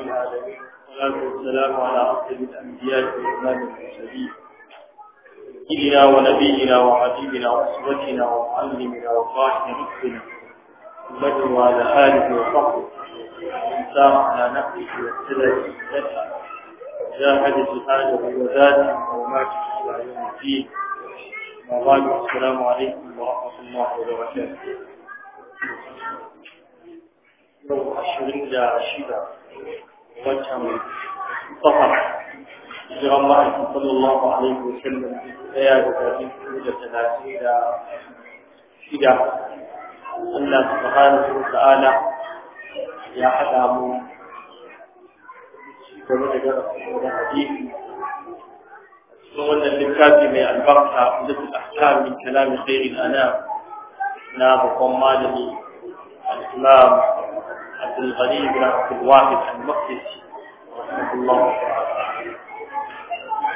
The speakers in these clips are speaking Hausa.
العالمين والصلاة والسلام على أفضل الأنبياء وإمام المرسلين سيدنا ونبينا وحبيبنا وأسوتنا ومعلمنا وقائد نفسنا أمته على آله وصحبه الإنسان على نفسه واهتدى بسنته جاهد جهاده وذاته وماته إلى يوم الدين وبعد السلام عليكم ورحمة الله وبركاته لو أشهر إلى شدة وجهه طهر جرى الله صلى الله عليه وسلم يا بكاتب سورة إلى شدة الله سبحانه وتعالى يا حدام كما ذكر الحديث سورة الكاتب من البركة عدة الأحكام من كلام خير الأنام ناب نعم، قمالي الإمام عبد الغني بن عبد الواحد المقدس رحمه الله تعالى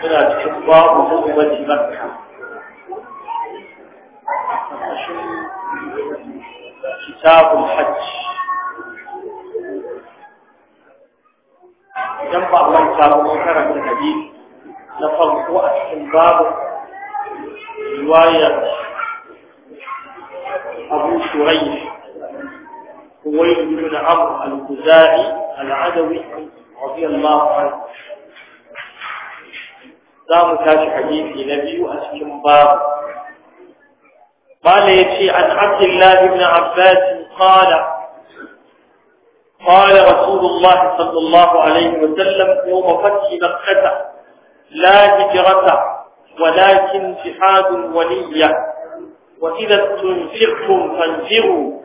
طلعت إخبار غزوة مكة كتاب الحج جنب الله تعالى منكر من الحديث نفرق استنباب رواية أبو شريح هويد بن عمرو الخزاعي العدوي رضي الله عنه دام كاش حديثي نبي أسلم باب قال يتي عن عبد الله بن عباس قال قال رسول الله صلى الله عليه وسلم يوم فتح مكة لا هجرة ولكن جهاد ولية وإذا استنفرتم فانفروا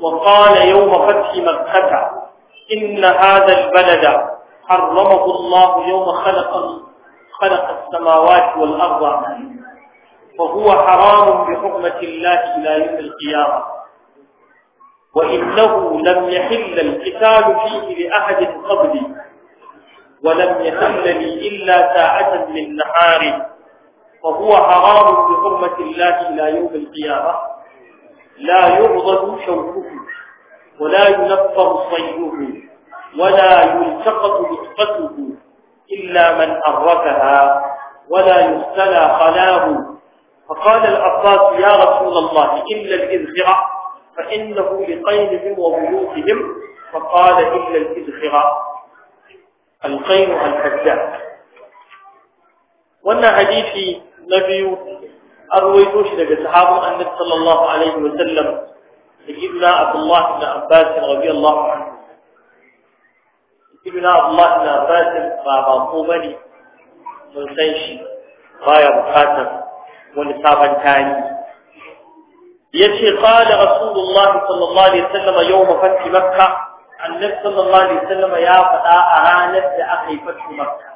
وقال يوم فتح مكة إن هذا البلد حرمه الله يوم خلق خلق السماوات والأرض فهو حرام بحكمة الله إلى يوم القيامة وإنه لم يحل القتال فيه لأحد قبلي ولم يحل لي إلا ساعة من نهاري فهو حرام بحكمة الله إلى يوم القيامة لا يغضب شوكه ولا ينفر صيبه ولا يلتقط نطفته إلا من أرفها ولا يستلى خلاه فقال العباس يا رسول الله إلا الإذخرة فإنه لقينهم وبيوتهم فقال إلا الإذخرة القين الفجاء وأن حديث نبي an ruwaito shi daga sahabin annabi sallallahu alaihi wa sallam sayyidina abdullah ibn abbas radiyallahu anhu sayyidina abdullah ibn abbas ba ba ko bane mun san shi baya bukatar wani sabon tarihi yace qala rasulullah sallallahu alaihi wasallam yawm fath makkah annabi sallallahu alaihi wasallam ya fada a ranar da aka yi fath makkah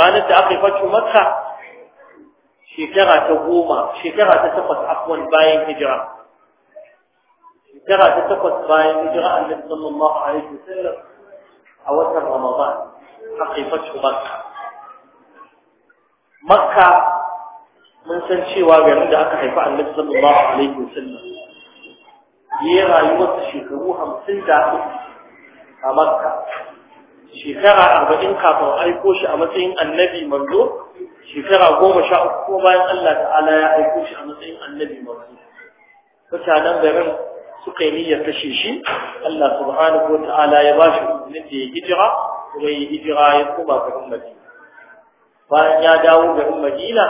ranar da aka yi fath makkah shekara ta goma shekara ta takwas afwan bayan hijira shekara ta takwas bayan hijira annabi sallallahu alaihi wasallam a watan ramadan haqiqatu makka makka mun san cewa garin da aka haifa annabi sallallahu alaihi wasallam yi rayuwar shekaru hamsin da a makka shekara arba'in kafin aiko shi a matsayin annabi manzo shekara goma sha uku ko bayan Allah ta'ala ya aiko shi a matsayin annabi masu mutanen garin suka yi niyyar kashe shi Allah subhanahu wa ta'ala ya ba shi umarnin da ya hijira kuma ya hijira ya koma garin Madina bayan ya dawo garin Madina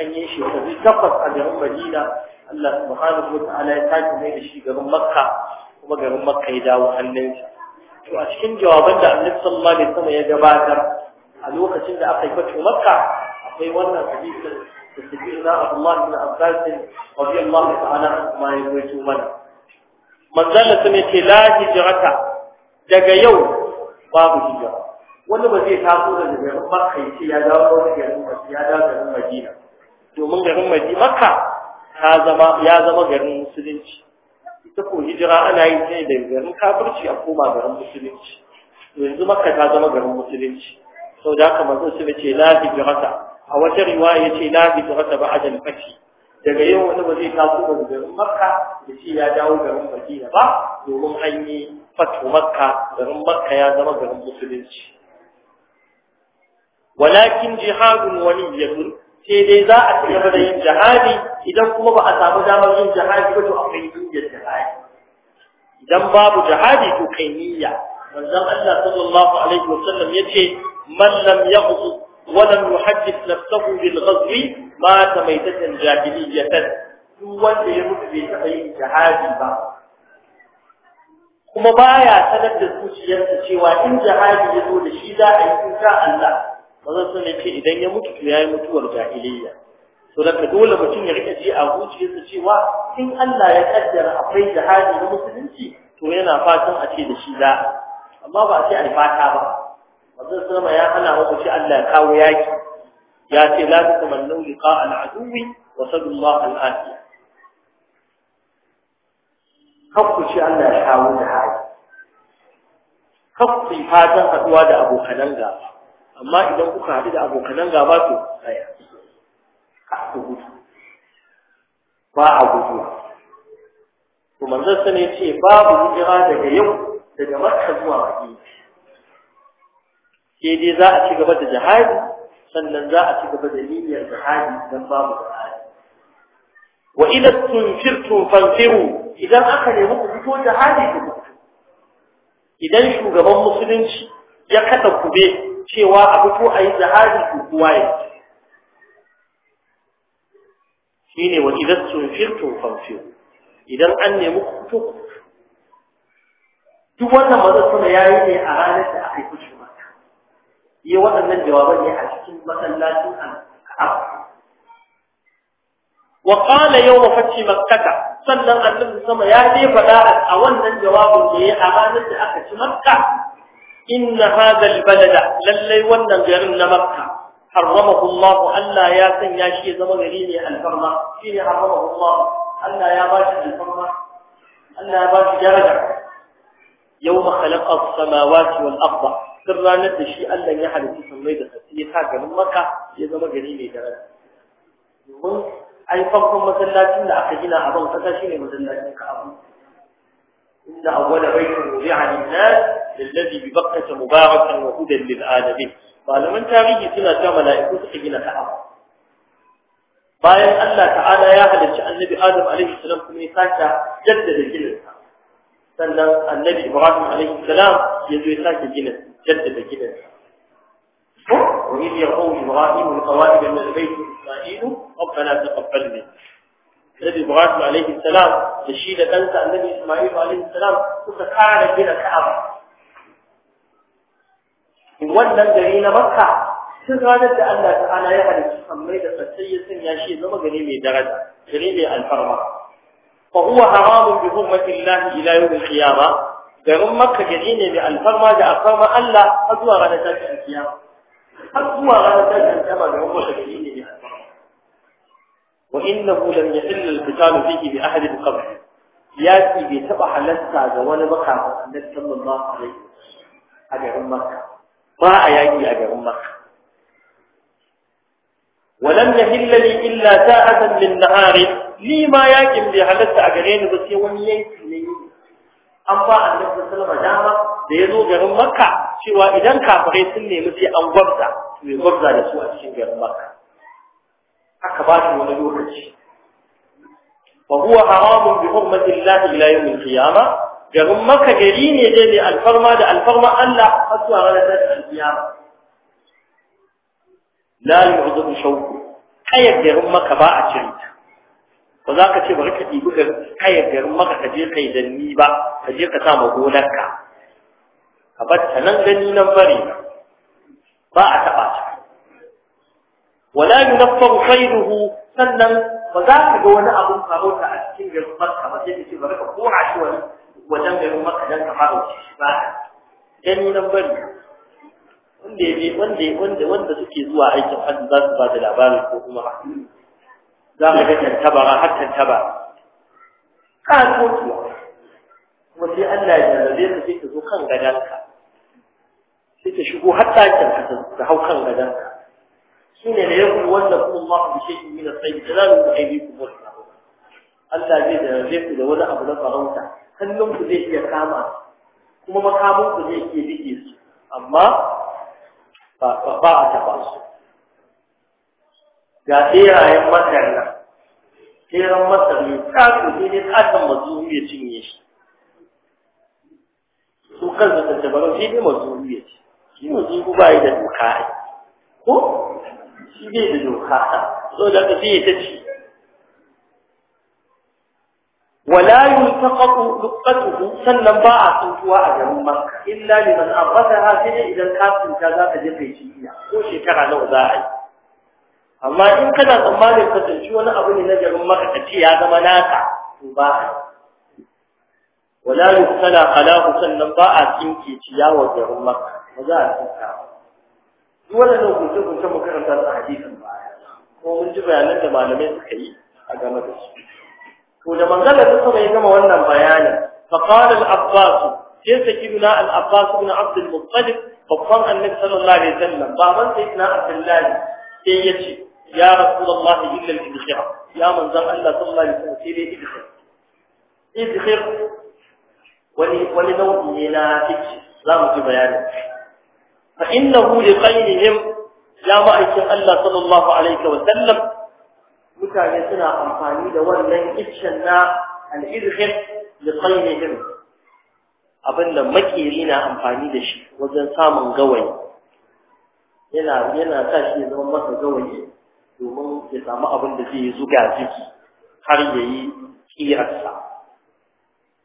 an yi shekaru takwas a garin Madina Allah subhanahu wa ta'ala ya tashi mai da shi garin Makka kuma garin Makka ya dawo hannunsa to a cikin jawaban da Annabi sallallahu alaihi wasallam ya gabatar a lokacin da aka yi fatu makka akwai wannan hadisin da tafi na Abdullah ibn Abbas radiyallahu ta'ala ma ya rawaito mana manzala sun ce la hijrata daga yau babu hijira wani ba zai taso da garin makka ya ce ya dawo garin ya dawo garin madina domin garin madina makka ta zama ya zama garin musulunci ita ko hijira ana yin ta ne garin kafirci a koma garin musulunci yanzu makka ta zama garin musulunci sau da haka manzo su ce la bi rasa a wata ya ce la bi rasa ba a fati daga yau wani ba zai taso da garin makka da shi ya dawo garin madina ba domin an yi fatu makka garin makka ya zama garin musulunci walakin jihadun waliyyatun sai dai za a ci gaba da yin jihadi idan kuma ba a samu damar yin jihadi ba to akwai niyyar jihadi idan babu jihadi to kai niyya manzon Allah sallallahu alaihi wasallam yace من لم يغزو ولم يحدث نفسه بالغزو مات ميتة جاهلية wanda ya mutu bai taɓa yin jihadi ba kuma baya sanar da zuciyarsa cewa in jihadi ya zo da shi za a yi kuka Allah mazan sun ce idan ya mutu to yi mutuwar jahiliyya to daga dole mutum ya rika ji a zuciyarsa cewa in Allah ya kaddara akwai jihadi na musulunci to yana fatan a ce da shi za amma ba a ce a fata ba manzon sama ya hana wasu shi Allah ya kawo yaki ya ce Lafi tatamannu liqa al-aduwi wa sadun al al’adu. kakku ci Allah ya kawo da hali kakku fatan haduwa da abokanan gaba amma idan kuka haɗu da abokanan gaba to tsaya su gudu ba a gudu to manzon sama ya ce babu hijira daga yau daga Makka zuwa Madina sai dai za a ci gaba da jihadi sannan za a ci gaba da niyyar jihadi dan babu jihadi wa idan tunfirtum fanfiru idan aka nemi ku fito jihadi ku fito idan shugaban musulunci ya kada kube cewa a fito a yi jihadi ku kuwa ya shine wa idan tunfirtum fanfiru idan an nemi ku fito duk wannan mazan suna yayi ne a ranar da aka yi kushi yi waɗannan jawaban ne a cikin masallacin al'aba wa qala yawma fathi makkah sannan annabi sama ya ce faɗa a wannan jawabin da yayi a ranar da aka ci makka inna hadha albalada lallai wannan garin na makka haramahu Allah Allah ya sanya shi ya zama gari ne alfarma shine haramahu Allah Allah ya ba shi alfarma Allah ya ba shi daraja yawma khalaqa as-samawati wal arda sun ranar da shi Allah ya halitta sammai da sassi ya sa garin maka ya zama gari mai daraja domin ai masallacin da aka gina a ban kasa shine masallacin Ka'aba Inda awwala baytin wudi'a lin-nas alladhi bi Bakkah mubarakan wa hudan lil-alamin malaman tarihi suna cewa mala'iku suka gina Ka'aba bayan Allah ta'ala ya halarci annabi Adam alaihi salam kuma ya sake jaddada gininsa sannan annabi Ibrahim alaihi salam ya zo ya sake gininsa جدد كده وإذ يقول إبراهيم القوائب من البيت إسرائيل ربنا تقبلني الذي إبراهيم عليه السلام تشيل تنسى النبي إسماعيل عليه السلام وتفاعل بلا كعب إن ولد الجريين مكة سرادة أن لا تعالى يحد تحميد فالسيس يشيل لما قريب درجة قريب الفرمة فهو حرام بحرمة الله إلى يوم القيامة garin makka gari ne mai alfarma da alfarma Allah har zuwa ranar tashin kiyama har zuwa ranar tashin kiyama garin makka gari ne mai alfarma wa innahu lam yahill al-qital fihi bi ahad qabl ci bai taba halatta ga wani baka annabi sallallahu alaihi a garin makka ba a yaki a garin makka ولم يهل لي إلا ساعة من نهار لي ما يكن بحلت أجرين بس يوم يأتي an ba a sallallahu alaihi dama da ya zo garin makka cewa idan kafirai sun nemi sai an gwabza su yi gwabza da su a cikin garin makka aka ba shi wani lokaci wa huwa haramun bi hurmati llahi ila yawm al-qiyamah garin makka gari ne dai ne alfarma da alfarma Allah har zuwa ranar ta kiyama la yu'dhu shawku kayyar garin makka ba a cinta ba za ka ce bari ka ɗibi ka kaya garin maka ka je kai danni ba ka je ka sa ma gonarka ka bar ta nan gani nan bari ba a taɓa ta wala na yunaffaru ruhu sannan ba za ka ga wani abun ta a cikin garin maka ba sai ka ce bari ka kora shi wani wajen garin maka don ka farauta shi ba gani nan bari wanda ya wanda wanda wanda suke zuwa aikin hajji za su ba da labarin ko kuma za ka ga tantabara har tantaba ƙatotuwa kuma sai Allah ya jarrabe ka sai ka zo kan gadanka sai ta shigo har ɗakin ka ta hau kan gadanka shi ne da wanda kuma ma ku bishe ki sai da za mu aiki ku mutu Allah zai jarrabe ku da wani abu na farauta hannun ku zai iya kama kuma makamun ku zai iya bige su amma ba a taɓa su ga tsirayen masar nan teran masa mai tsaku ne ne katon masu ya cinye shi su kansa tabarau shi ne masu ya ce shi mazuru ba yi da doka yi, ko shi bai da doka so da ka sai ta ci wala yuntaqatu luqatuhu sannan ba a tuntuwa a garin maka illa ta arfataha sai idan kafin ta za ka je shi iya. ko shekara nawa za a yi amma in kana tsammanin ka wani abu ne na jarin maka ka ce ya zama naka to ba wala yusala qalahu sannan ba a tsinke wa jarin maka ba za a tsinka duk wannan kunce kunce mu karanta a hadisin baya ko mun ji bayanan da malamai suka yi a game da su to da mangala da sama ya gama wannan bayanin fa qala al-abbas sai sakiduna al-abbas ibn abd al-muttalib babban annabi sallallahu alaihi wasallam baban sayyidina abdullahi sai ya ce ya rasulullahi illa al-idkhir ya manzon Allah sallallahu alaihi wasallam sai dai wani wani ne na fiqh za mu ji bayani A inna li qaynihim ya ma'aikin Allah sallallahu alaihi wasallam mutane suna amfani da wannan iccen na al-idkhir li qaynihim abinda makeri na amfani da shi wajen samun gawayi yana yana sa shi zama masa gawayi domin ya samu abin da zai zuga ciki har ya yi tsirarsa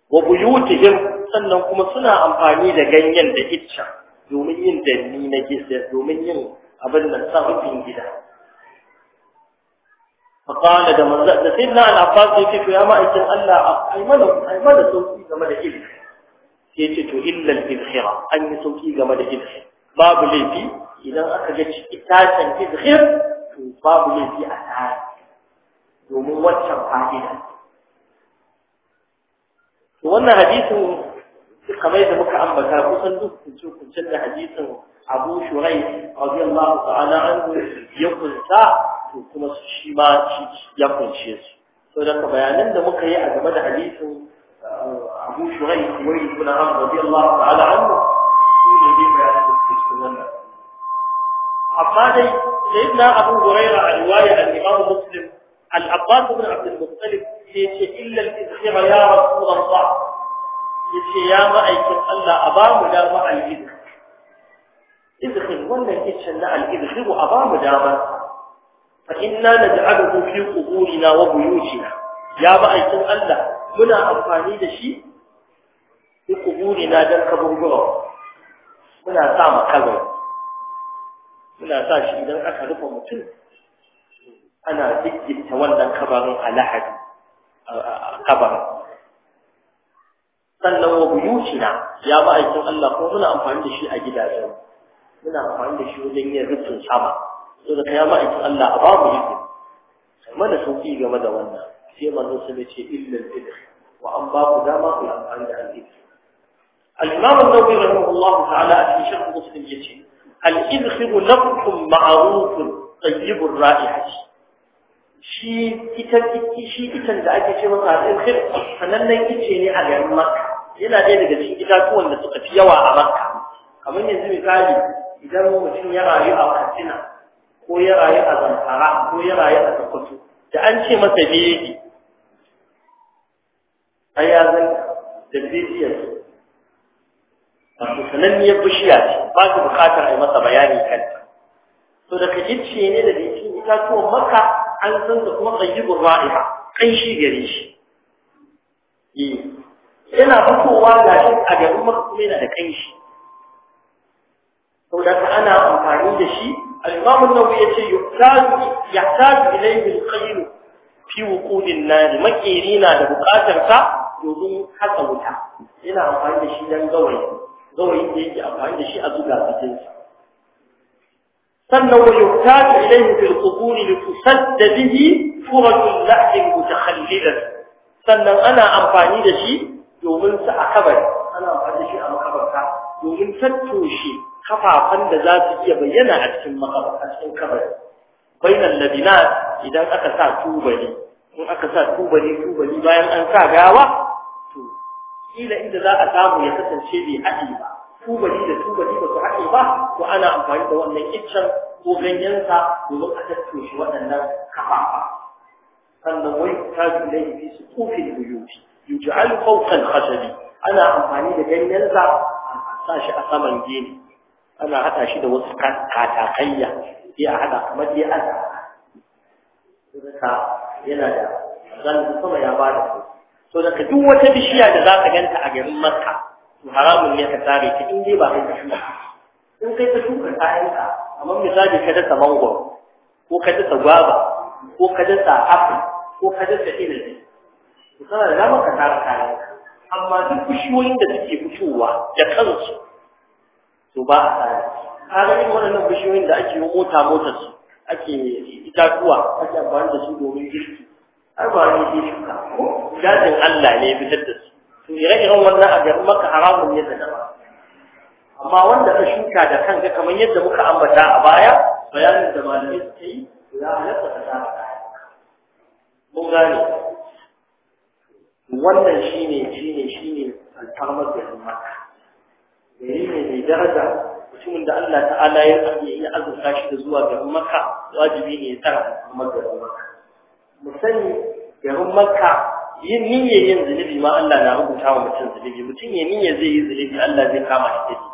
wa buyutihim sannan kuma suna amfani da ganyen da icca domin yin danni na gisa domin yin abin nan sarrafin gida فقال da manzo da sai na al ya ce to ya ma'aikin Allah a mana ai mana sauki game da ilmi sai ce to illa al-izkhira an yi sauki game da ilmi babu laifi idan aka ga itacen izkhir to babu laifi a tsari domin waccan fa'ida to wannan hadisin kamar yadda muka ambata kusan duk kunce-kuncen da hadisin abu shurai radiyallahu ta'ala anhu ya kunta to kuma shi ma ya kunce su to da bayanan da muka yi a game da hadisin uh, abu shurai wai kuna ibn amr radiyallahu ta'ala anhu su ne bayanan da suke cikin wannan amma dai sayyidina abu huraira a riwaya al-imam muslim al-abbas ibn abd al-muttalib yace illa al-izkhira ya rasulullah yace ya ma'aikin Allah a ba mu dama al-izkhir izkhir wannan yace na al-izkhir a ba mu dama fa inna naj'aluhu fi quburina wa buyutina ya ma'aikin Allah muna amfani da shi fi quburina dan kaburbura muna sa mu makabari suna sa shi idan aka rufe mutum ana jikkita wannan kabarin a lahadi a kabarin sannan wa buyutina ya ma'aikin Allah kuma muna amfani da shi a gidajen muna amfani da shi wajen yin rufin sama so saboda kai ma'aikin Allah a babu yi mana sauki game da wannan sai manzo sai ce illal fitr wa an ba ku dama ku amfani da al-fitr al-imam an-nawawi rahimahullahu ta'ala a cikin sharh muslim yace al'izhiru nafkun ma'arufun tsayibun ra'ihaci shi ita shi itan da ake ce masa al'izhir sanannen ice ne a garin marka. yana ɗaya daga cikin itatuwan da suka fi yawa a makka kamar yanzu misali idan mutum ya rayu a katsina ko ya rayu a zamfara ko ya rayu a sokoto da an ce masa bege ai ya zan da bibiyar wato sananniyar bishiya ce ba su bukatar a yi masa bayani kanta to da ka ce ne da dake itatuwan maka an san da kuma a ra'iha kan shi gare shi eh, yana fitowa ga shi a garin maka kuma yana da kan shi saboda ana amfani da shi al-imam ya ce yace yuktaju yahtaju ilayhi al-qayl fi na makeri na da bukatar sa domin haka wuta yana amfani da shi don gawayi gawayin da yake amfani da shi a zuga jikinsa sannan wa yuktatu ilayhi fil da li da bihi furatul lahd mutakhallilan sannan ana amfani da shi domin sa a kabari ana amfani da shi a makabarta domin tattoshe kafafan da za su iya bayyana a cikin makabarta cikin kabari bainal labinat idan aka sa tubali in aka sa tubali tubali bayan an sa gawa kila inda za a samu ya kasance bai haɗe ba tubali da tubali ba su haɗe ba to ana amfani da wannan iccen ko ganyensa domin a tattoshe waɗannan kafafa sannan wai ta zulai fi su tufin buyuti yuj'al fawqa al ana amfani da ganyensa a sa shi a saman gini ana haɗa shi da wasu katakayya sai a haɗa kamar dai an yana da zan sama ya ba da su to daga duk wata bishiya da za ka ganta a garin makka to haramun ne ka tsare ki in dai ba ka shuka in kai ka shuka ta aika amma misali ka dasa mangoro ko ka dasa gwaba ko ka dasa apple ko ka dasa inabi to kana da dama ka tsara kayan amma duk bishiyoyin da suke fitowa da kansu to ba a tsare ga irin waɗannan bishiyoyin da ake yi mota motar su ake itatuwa ake amfani da su domin girki ai ba ni ji shuka ko jajin Allah ne fitar da su to ire-iren wannan a garin maka haramun ne da dama. amma wanda ka shuka da kanka kamar yadda muka ambata a baya bayanin da malamai suka yi ya halatta ka tsara mun gane wannan shine shine shine alfarmar garin maka gari ne mai daraja mutumin da Allah ta'ala ya azurta shi da zuwa garin maka wajibi ne ya tsara alfarmar garin maka mu sani garin makka yin niyyar yin zunubi ma Allah na rubuta wa mutum zunubi mutum ya niyyar zai yi zunubi Allah zai kama shi da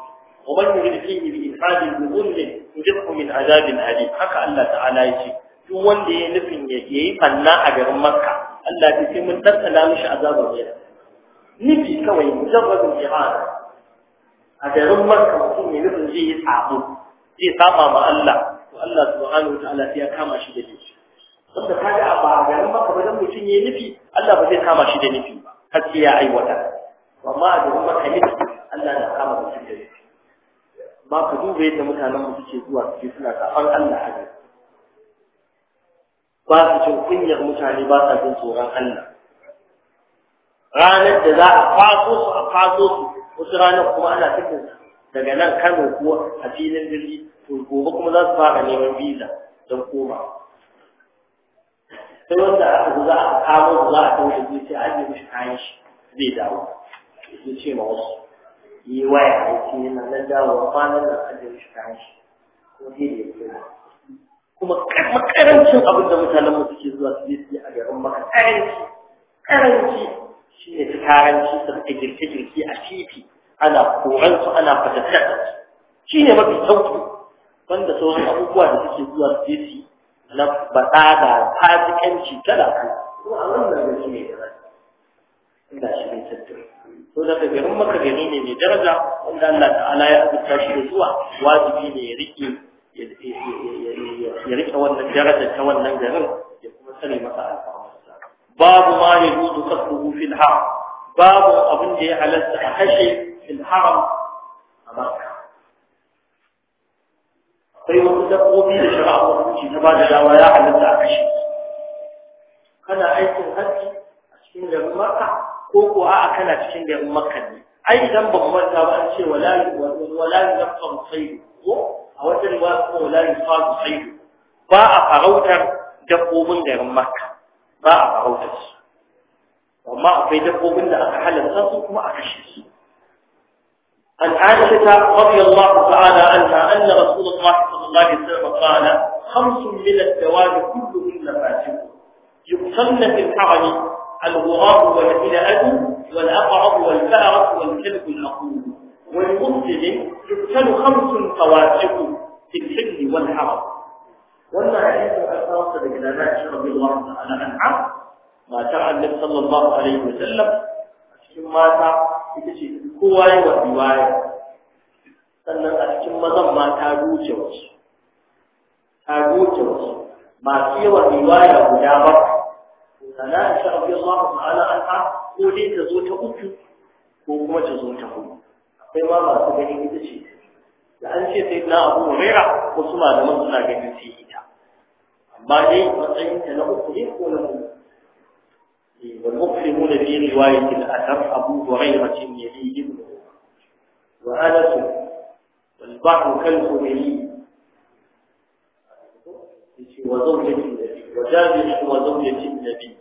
ومن يريد فيه بإلحاد بظلم يجره من عذاب أليم haka Allah ta'ala yace duk wanda ya nufin ya yi fanna a garin Makka Allah ya ce mun tattala mishi azabar yau nufi kawai mujarrabin jihad a garin Makka mutum ne, nufin zai yi sabo zai saba ma Allah to Allah subhanahu wa ta'ala sai ya kama shi da shi wanda ka ga ba garin maka ba dan mutum yayi nufi Allah ba zai kama shi da nufi ba har sai ya aiwata amma da maka yi Allah na kama mutum da nufi Ba ka duba yadda mutanen mu suke zuwa su suna kafan Allah a gari ba su cin kunyar mutane ba sa jin tsoron Allah ranar da za a kwaso su a kwaso su wasu ranar kuma ana cikin daga nan Kano ko a filin birni to gobe kuma za su fara neman visa don koma sai wanda aka zo za a kawo kamo za a kawo shi sai an yi mishi kayan shi zai dawo ya ce ma wasu yi waya ya ce yana nan dawo kwanan da an yi mishi kayan shi ko sai da ya ce kuma makarancin abin da mutanen mu suke zuwa su je a garin maka karanci karanci shi ne ta karanci su rika girke-girke a titi ana koransu ana fatattakar shi ne mafi sauki wanda sauran abubuwa da suke zuwa su je na baɗa da fasikanci talaka ko a wannan da shi ne inda shi ne tattun So, da ka garin maka gani ne mai daraja wanda Allah ta'ala ya azurta shi da zuwa wajibi ne ya rike ya rike wannan darajar ta wannan garin ya kuma sani masa alfarmarsa babu ma ya zuzu kasuhu fil haram babu abin da ya halatta a kashe fil haram a makka sai wasu dabbobi da shari'a mutunci ta ba da dawa ya halatta a kashe kana aikin hajji a cikin garin makka ko ko a'a kana cikin garin makka ne ai idan ban manta ba an ce wala wala yafqa sayd ko a wata riwaya ko wala yafqa sayd ba a farautar dabbobin garin makka ba a farautar su amma akwai dabbobin da aka halatta su kuma a kashe su عن عائشة رضي الله تعالى عنها أن رسول الله الله عليه وسلم قال خمس من الدواب كلهن فاسق يقتلن في الحرم الغراب والحلال والأقعب والفأرة والكلب الأقول والمسلم يقتل خمس فواسق في الحل والحرم وما حديث الأساس الإجلامات رضي الله تعالى عنها ما شرع النبي صلى الله عليه وسلم ثم ما ce kowa والرواية wa riwaya sannan a cikin ta goce wasu masu yawa riwaya guda ba sana insha Allah an anha ko dai ta zo ta uku ko kuma ta zo ta hudu akwai ma masu gani ita ce da an ce sai na Abu Hurairah wasu malaman suna ganin sai ita amma dai matsayin ta na uku ne ko na hudu والمقسمون في رواية الأثر أبو هريرة يليه ابنه وآلته والبحر كالخميلي وزوجة النبي وجابر وزوجة النبي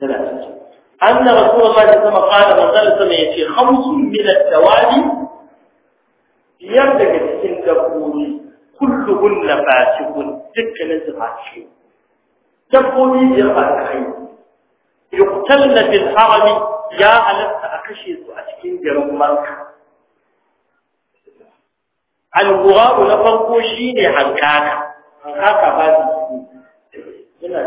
ثلاثة أن رسول الله صلى الله عليه وسلم قال وقال سمع يتي خمس من التوالي يبدأ كتن دبوني كلهن فاسقون دكنا زغاشي دبوني زغاشي يقتلن في الحرم يا ألست أكشي سؤالكين جرم مالك al-ghurab na farko shi ne hankaka hankaka ba su yana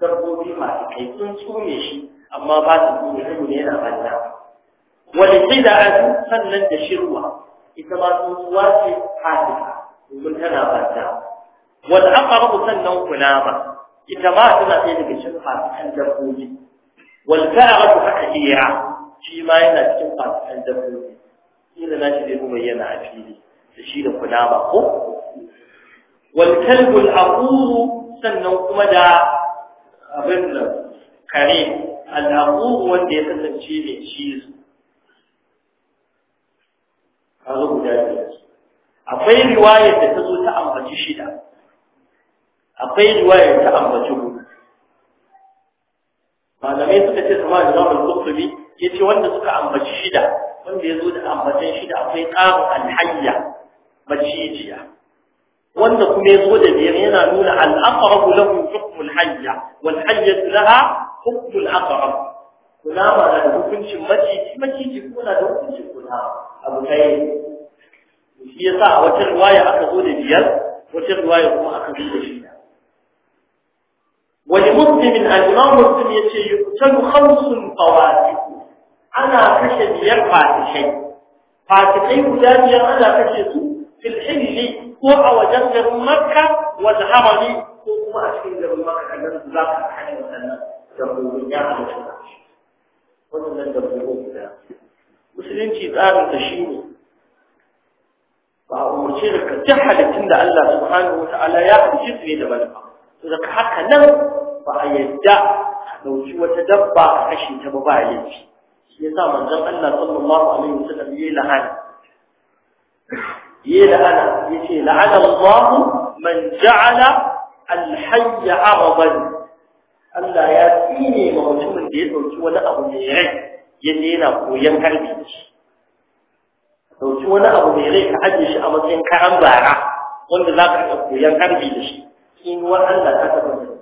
dabbobi masu kai sun tsune shi amma ba su tsune saboda yana banna da khida'atu sannan da shirwa ita ma sun tsuwa ce fasika domin tana banna wal ku sannan kunama ita ma tana ɗaya daga cikin fasikan dabbobi wal ka'atu haka iya shi ma yana cikin fasikan dabbobi kila na shi dai kuma yana a fili da shi da kunama ko wal kalbul aquru sannan kuma da abin nan kare al wanda ya kasance mai cizo kaga guda biyar akwai riwayar da ta zo ta ambaci shida akwai riwayar ta ambaci hudu malamai suka ce sama da zaman kusurbi ya ce wanda suka ambaci shida wanda ya zo da ambacin shida akwai ƙarin alhayya macijiya wanda kuma ya zo da biyar yana nuna al'aqrabu lahu hukmul hayya wal hayyatu laha hukmul aqrab kunama na da hukuncin maciji maciji kuma na da hukuncin kunama abu kai shi yasa a wata riwaya aka zo da biyar wata riwaya kuma aka zo da shida wani muslimin al-imam muslim yace yuqtalu khamsun fawatiq ana kashe biyar fatishai fatikai guda biyar ana kashe su fil hilli ko a wajen garin makka wal harami ko kuma a cikin garin makka nan a ka hada wannan dabbobin ya halatta wannan dabbobin da musulunci tsarin da shi ne ba a umarce da ka halittun da Allah subhanahu wa ta'ala ya halice su ne daban ba daga haka nan ba a yarda ka ɗauki wata dabba ka kashe ta ba ba a yadda shi yasa manzon Allah sallallahu alaihi wasallam yayi lahani يلعن يلعن الله من جعل الحج عرضا الا ياتيني مهتم دي دوكي ولا ابو ميري يلينا كوين قلبي دوكي ولا ابو ميري حاجه شي ابو زين كان بارا وند لا كوين قلبي ان هو الله كتب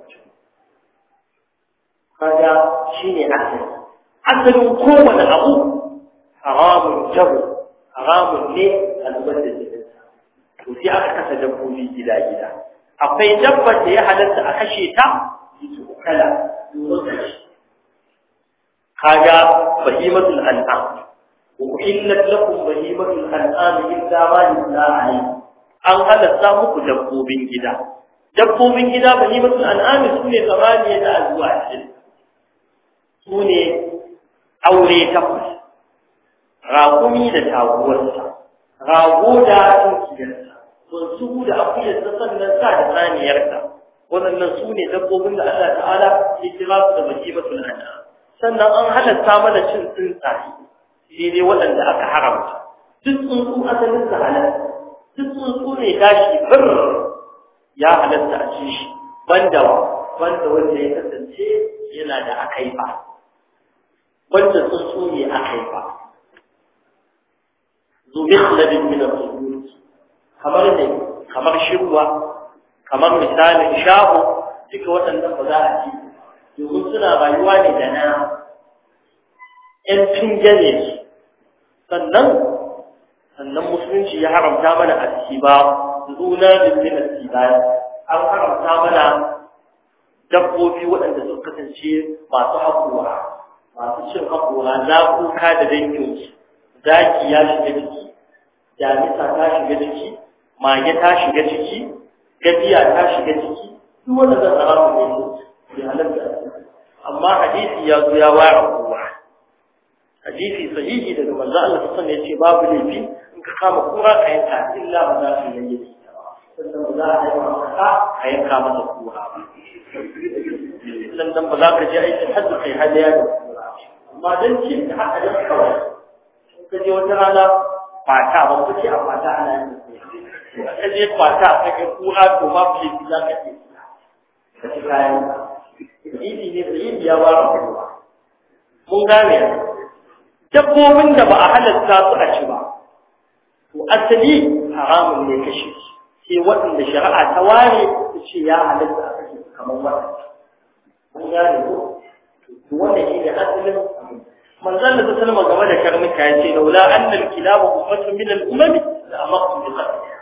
فجاء شيني اكل اكل كوما ابو حرام الجو حرام الليل البدل to sai aka kasa dabbobi gida gida akwai dabbar da ya halatta a kashe ta ita kala kaga fahimatul an'am wa uhillat lakum fahimatul an'am illa ma yutla alayhi an halatta muku dabbobin gida dabbobin gida fahimatul an'am ne samaniya da azwa sune aure takwas raƙumi da taguwarsa rago da tunkiyarsa su da akuyar ta sannan sa da saniyarta waɗannan su ne dabbobin da Allah ta'ala ya kira su da bajibatul ana sannan an halatta mana cin tsuntsaye sai dai waɗanda aka haramta duk tsuntsu asalin sa halal duk tsuntsu ne tashi bir ya halatta a ci shi banda banda wanda ya kasance yana da akai ba banda tsuntsu ne akai ba zubin ladin min al-sujud kamar ne kamar shirwa kamar misalin shaho duka waɗannan ba za a ci domin suna rayuwa ne da na ‘yan tunge gane sannan sannan musulunci ya haramta mana asiba zuna min asiba an haramta mana dabbobi waɗanda suka kasance masu haƙura masu cin haƙura na kuka da danginsu zaki ya shiga jiki jami'a ta shiga jiki mage ta shiga ciki gafiya ta shiga ciki duk wanda zan zara mu ne halatta amma hadisi ya zo ya wara kowa hadisi sahihi daga manzo Allah sallallahu sanya ce babu laifi in ka kama kura ka yanka illa ba za ka yi laifi sannan ba za a yi maka ka yanka masa kura sannan ba za ka je aikin hajji kai hadiya da kura amma dan ce ta haka da kawai in ka je wata rana fata ba kuke a fata ana yin ka je kwata ka ga kura to ma fi za ka ce ka ci kayan idi ne da idi ya bara kuma mun gane dabbobin da ba a halatta su a ci ba to asali haramun ne kashe sai waɗanda shari'a ta ware ta ce ya halatta a kashe kamar wannan mun gane ko to wannan shi ne asalin manzon da ta salma game da karnuka ya ce da laula annal kilabu ummatun min al-umami la amartu bi qatliha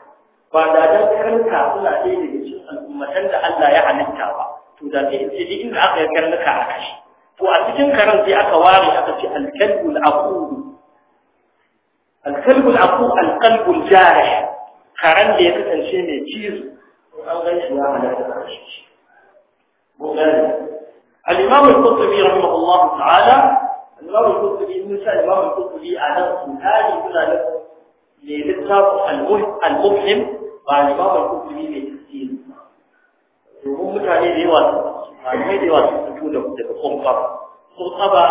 ba da dan karanta suna ɗaya daga cikin al'ummatan da Allah ya halitta ba to da sai ce duk inda aka yi karnuka a kashi to a cikin karan sai aka ware aka ce alkalbul aqud alkalbul aqud alqalbul jarih karan da ya kasance mai cizo an gan shi ya halatta a kashi الإمام القرطبي رحمه الله تعالى الإمام القرطبي نسى الإمام القرطبي على سؤال يقول لكم للكتاب المهم ba limamin kufuri mai tasiri domin mutane da yawa malamai da yawa su fito daga kumfa kumfa ba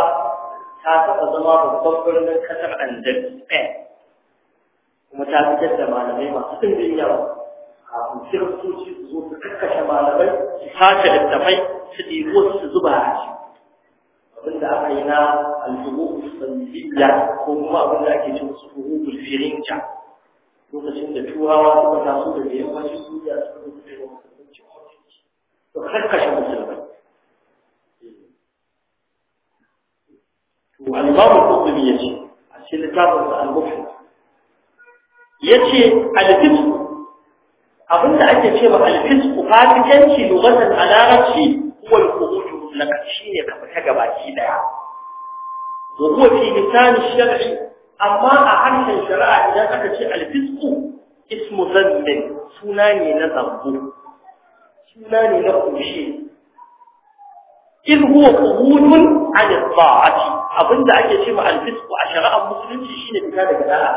ta taɓa zama babban birnin ƙasar andal spain kuma ta fi da malamai masu ɗimbin yawa kafin kiristoci su zo su kakkashe malamai su sace littafai su ɗigo su zuba a ciki da aka yi na alfuhu sanziya ko kuma abin abinda ake cin su fuhu bulfirinja lokacin da turawa suka taso daga yammacin duniya suka zo da yawan to karkashe musulmai to al-imamu qutbi yace a cikin littafin sa al-mufti yace al-fisq abinda ake cewa al-fisq fasikanci lugatan a larabci huwa al-khuruj min shine ka fita gabaki daya wa huwa fi lisan shar'i amma a harshen shari'a idan aka ce alfisku ismu zammin suna ne na zambo suna ne na kushe in huwa qulun an ta'ati abinda ake ce ma alfisku a shari'ar musulunci shine fita daga da'a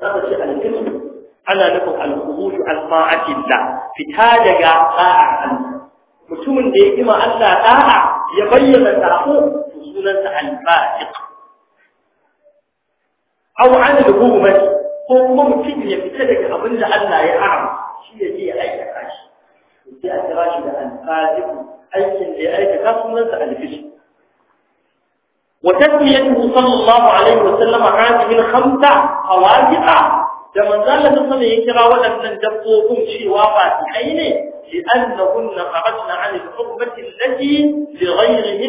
aka ce alfisku ana nufin alqudu an ta'ati la fita daga da'a mutumin da ya kima Allah da'a ya bayyana ta'o sunansa al-fasiq aw an al-ghumati ko kuma mutum ya fita daga abinda Allah ya haram shi ya je ya aikata shi sai da al-fasiq aikin da ya aikata sunansa al-fisq wa tasmiyatuhu sallallahu alaihi wa sallam hadhihi al da manzala ya kira waɗannan dabbobin cewa ba kai ne لأنهن خرجن عن الحرمة التي لغيرهن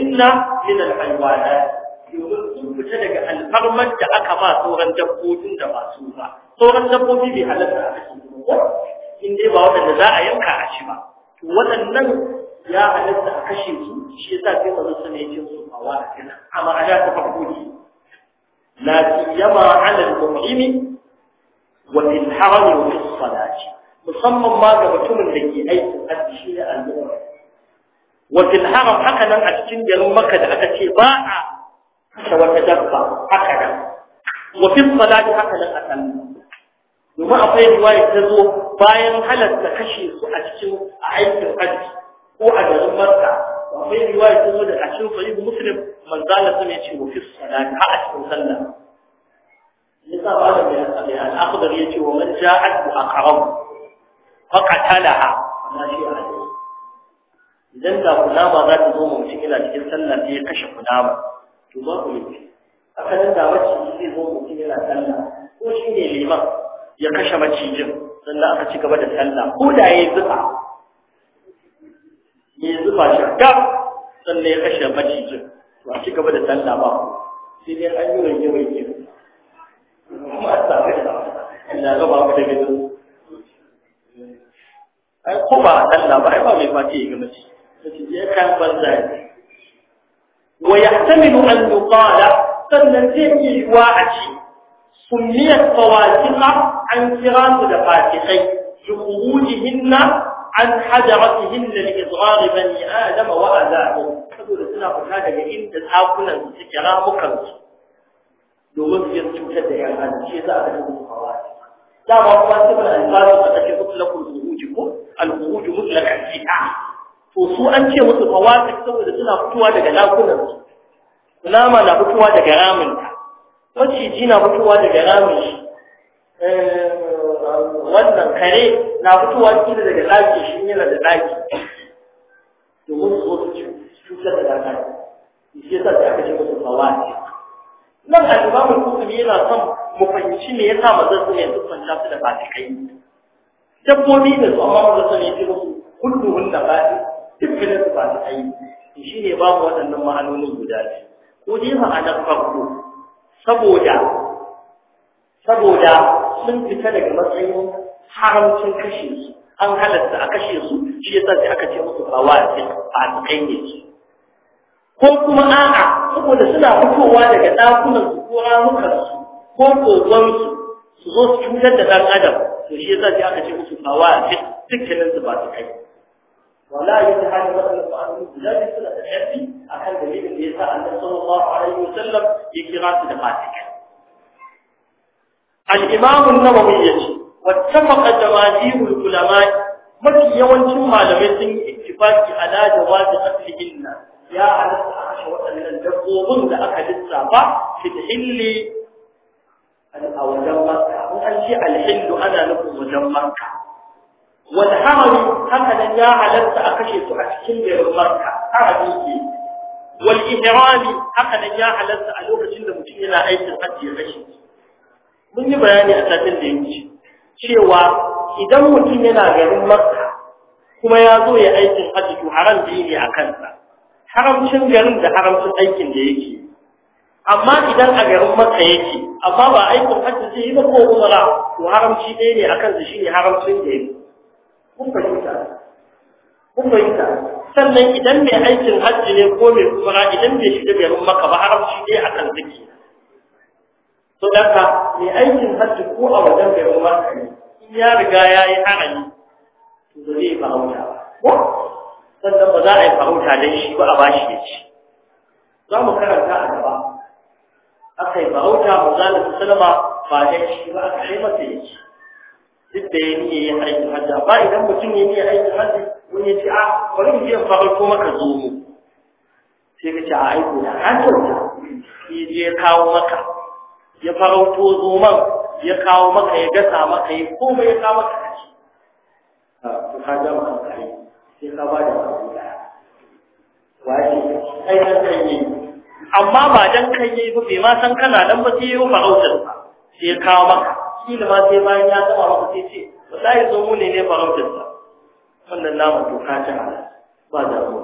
من الحيوانات domin sun fita daga alfarmar da aka ba sauran dabbobin da ba su ba sauran dabbobi bai halatta a cikin ko in dai ba wanda za a yanka a ci ba to waɗannan ya halatta a kashe su shi yasa sai manzo sun yi cin su ba wa kenan amma ana ta farko ne la siyama ala al-mu'mini wa fil harami wa fis salati musamman ma ga mutumin da ke aikin hajji shi ne al-mu'min wa fil haram haka nan a cikin garin makka da aka ce ba a kashe wata dabba haka nan wa fi salati haka nan a san domin akwai riwaya ta zo bayan halatta kashe su a cikin a aikin hajji ko a garin marka, akwai riwaya ta zo da a cikin sahih Muslim manzo Allah sun ce wa fi salati ha a cikin sallah nisa ba da mai al ya ce wa man ja'at aqrab faqatalaha na shi a idan da kunama za ta zo mu cikin cikin sallah sai ya kashe kunama to ba ku mutu A nan da maciji zai zo mutum yana sallah ko shi ne liman ya kashe macijin sannan aka ci gaba da sallah ko da ya zufa ya zufa shakka sannan ya kashe macijin to a ci gaba da sallah ba sai dai an yi rage rage kuma a sami da ina ga ba ku da gidan ai ko ba a sallah ba ai ba mai fati ya ga mace mace ya kayan banza ne ويحتمل أن يقال قد نزعي واعجي سميت فواتقة عن فراق دفاتقي لخروجهن عن حجرتهن لإضغار بني آدم وأذاهم تقول لسنا قلنا لك إن تتحاكنا بسكرا مكرس لغض يرجو كده يا أمان الشيطة أدفع فواتقة لا فواتقة أن تتحاكنا بسكرا الخروج مطلقا فيها to su an ce musu kawata saboda suna fitowa daga lakunan su kunama na fitowa daga ramin ta maciji na fitowa daga ramin shi eh, wannan kare na fitowa kila daga ɗaki shi yana da ɗaki domin su wasu cutar da ɗaki shi yasa da aka ce musu kawata. nan al-imamu kutubi yana son mu fahimci me yasa su sun su kwanta su da ne. dabbobi da su amma manzon sun yanzu musu kulluhun da fasikai dukkanin su ba su aiki shi ne babu waɗannan ma'anonin guda biyu ko dai ma'anar farko saboda saboda sun fita daga matsayin haramcin kashe su an halatta a kashe su shi yasa sai aka ce musu ba wafi ba su ne su ko kuma a'a saboda suna fitowa daga ɗakunan su ko ramukan su ko kogon su su zo su cutar da ɗan adam to shi yasa sai aka ce musu ba wafi dukkanin su ba su kai ولا يتحاج مثلا فأنه بلاد سنة الحفي أكان دليل الإيساء أن صلى الله عليه وسلم يكرات دقاتك الإمام النووي واتفق جماهير العلماء mafi yawancin malamai sun yi ittifaki ala jawazi qatlihin ya halatta a kashe waɗannan dabbobin da aka lissafa fi hilli a wajen makka in an ce ana nufin wajen makka Wani hamalu hakanan ya halatta a kashe su a cikin garin Makka haka ne wal ihrami haka ya halatta a lokacin da mutum yana aikin hajji ya mun yi bayani a satin da yake cewa idan mutum yana garin Makka kuma ya zo ya aikin hajji to ne a kansa haramcin garin da haramcin aikin da yake amma idan a garin maka yake amma ba aikin hajji zai yi ba ko umara to haramci ɗaya ne akan shi ne haramcin da yake kun fahimta kun fahimta sannan idan mai aikin hajji ne ko mai umra idan bai shiga garin maka ba haramci dai a kan zaki to daga mai aikin hajji ko a wajen garin maka ne in ya riga ya yi harami to ba zai farauta ba sannan ba za a yi farauta don shi ba a bashi ya ci za mu karanta a gaba aka yi za mu zalata salama ba don shi ba aka yi masa ya ci duk da ya niyyar yin aikin hajji amma idan mutum ya niyyar aikin hajji wani ya ce a ah, bari mu je farko maka zo mu sai ka ce a aiko da ka kyauta shi je ya kawo maka ya farauto zoman ya kawo maka ya gasa maka ya koma ya kawo maka a ci ah, to ka ga maka kai sai ka ba da abu da wace ai dan kai ne amma ba dan kai ne ba bai ma san kana dan ba sai ya farautar ba. sai ya kawo maka kila ma sai bayan ya gama maka sai ce wallahi zo mu ne ne farautar sa wannan namu to ka hala ba da ruwa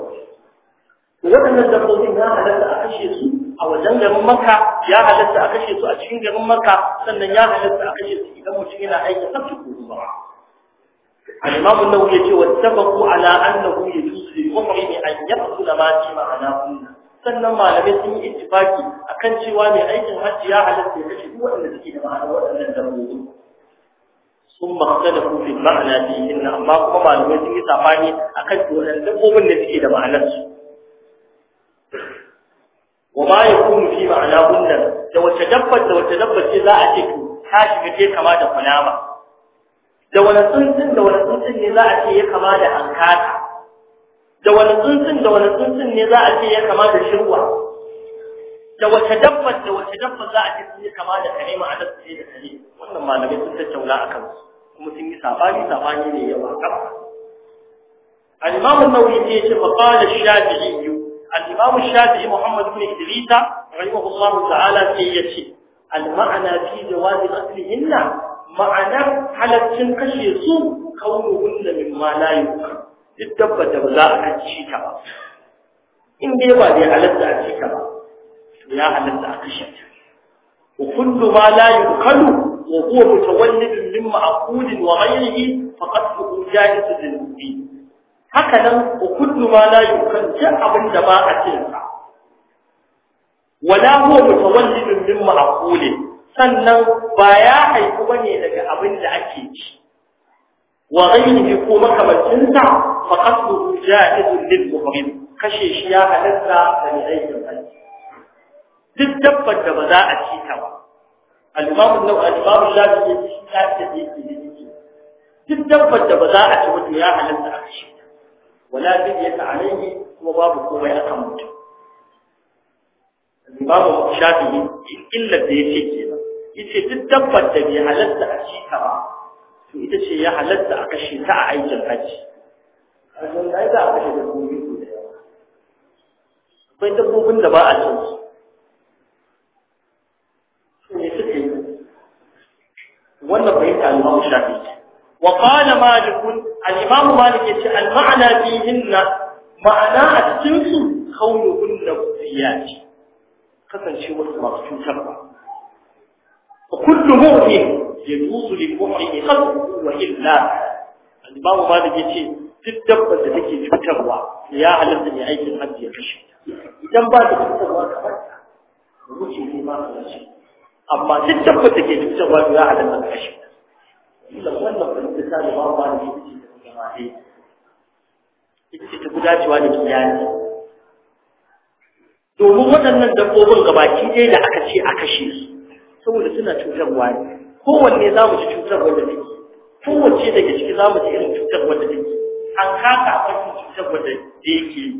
to waɗannan dabbobin ya halatta a kashe su a wajen garin maka, ya halatta a kashe su a cikin garin maka, sannan ya halatta a kashe su idan mutum yana aiki sabtu ko ba al-imam an-nawawi ana wattafaqu ala annahu yajuzu lil-mu'min an yaqtula ma a ma'ana kunna? sannan malamai sun yi ittifaki akan cewa mai aikin hajji ya halatta ya kashe duk waɗanda suke da ma'ana waɗannan dabbobi sun maktala da kufin ma'ana fi inna amma kuma malamai sun yi safani kan wannan dabbobin da suke da ma'anar su wa ma yakunu fi ma'ana hunnan da wace dabbar da wace dabbar ce za a ce to ta shiga ce kama da kwanama da wani tsuntsun da wani tsuntsun ne za a ce ya kama da hankata da wani tsuntsun da wani tsuntsun ne za a ce ya kama da shirwa da wace dabbar da wace dabbar za a ce sun yi kama da kare a su da kare wannan malamai sun tattauna a kansu kuma sun yi sabani sabani ne yawa kafa al-imam an-nawawi ya ce fa qala ash-shafi'i al-imam ash-shafi'i muhammad ibn idris rahimahullahu ta'ala sai ya ce al-ma'na fi jawaz qatlihinna ma'ana halaccin kashe su kaunuhunna mimma la yukar ya tabbata ba za a kan ci ta ba in dai ba dai halatta a ci ta ba ya halatta a kashe ta wa kullu ma la yukalu wa huwa mutawallidun min ma'qulin wa ghayrihi faqathu jahilun lil mubin haka nan wa kullu ma la yukalu ja abin da ba a cin sa wala huwa mutawallidun min ma'qulin sannan ba ya haifu bane daga abin da ake ci wa ghayrihi ko makamancinsa fa qatluhu ja'izun lil muhrim kashe shi ya halatta da mai aikin duk dabbar ba za a ci ta ba al-imamu nau al-imamu shafi ya ci ta da yake ne duk dabbar ba za a ci mutum ya halatta a kashe ta wala duk ya kuma babu da da bai halatta a ci ta ba to ita ce ya halarta a kashe ta a aikin haji a don za a kashe da yawa akwai dabbobin da ba a cin su su ne suke wannan fahimta al-imam shafi wa qala malik al-imam malik yace al-ma'na na. ma'ana a cikin su kaunuhunna qiyati kasancewar su masu cutarwa وكل مؤمن يجوز للمؤمن illa. Alimamu الإمام ya ce. duk dabbar da take cutarwa ya halatta mai aikin hajji ya kashe idan ba ta cutarwa ka barka wuce ne ma ka kashe amma duk dabbar da ke cutarwa ya halatta ka kashe illa wannan fahimta ta da ba ba ne ce ta zama dai ita ce ta cewa da kiyani domin waɗannan dabbobin gabaki ɗaya da aka ce a kashe su saboda suna cutarwa ne kowanne za mu ci cutarwa da take kowace daga ciki za mu ci irin cutar wani take an kasa akwai cutar wadda da yake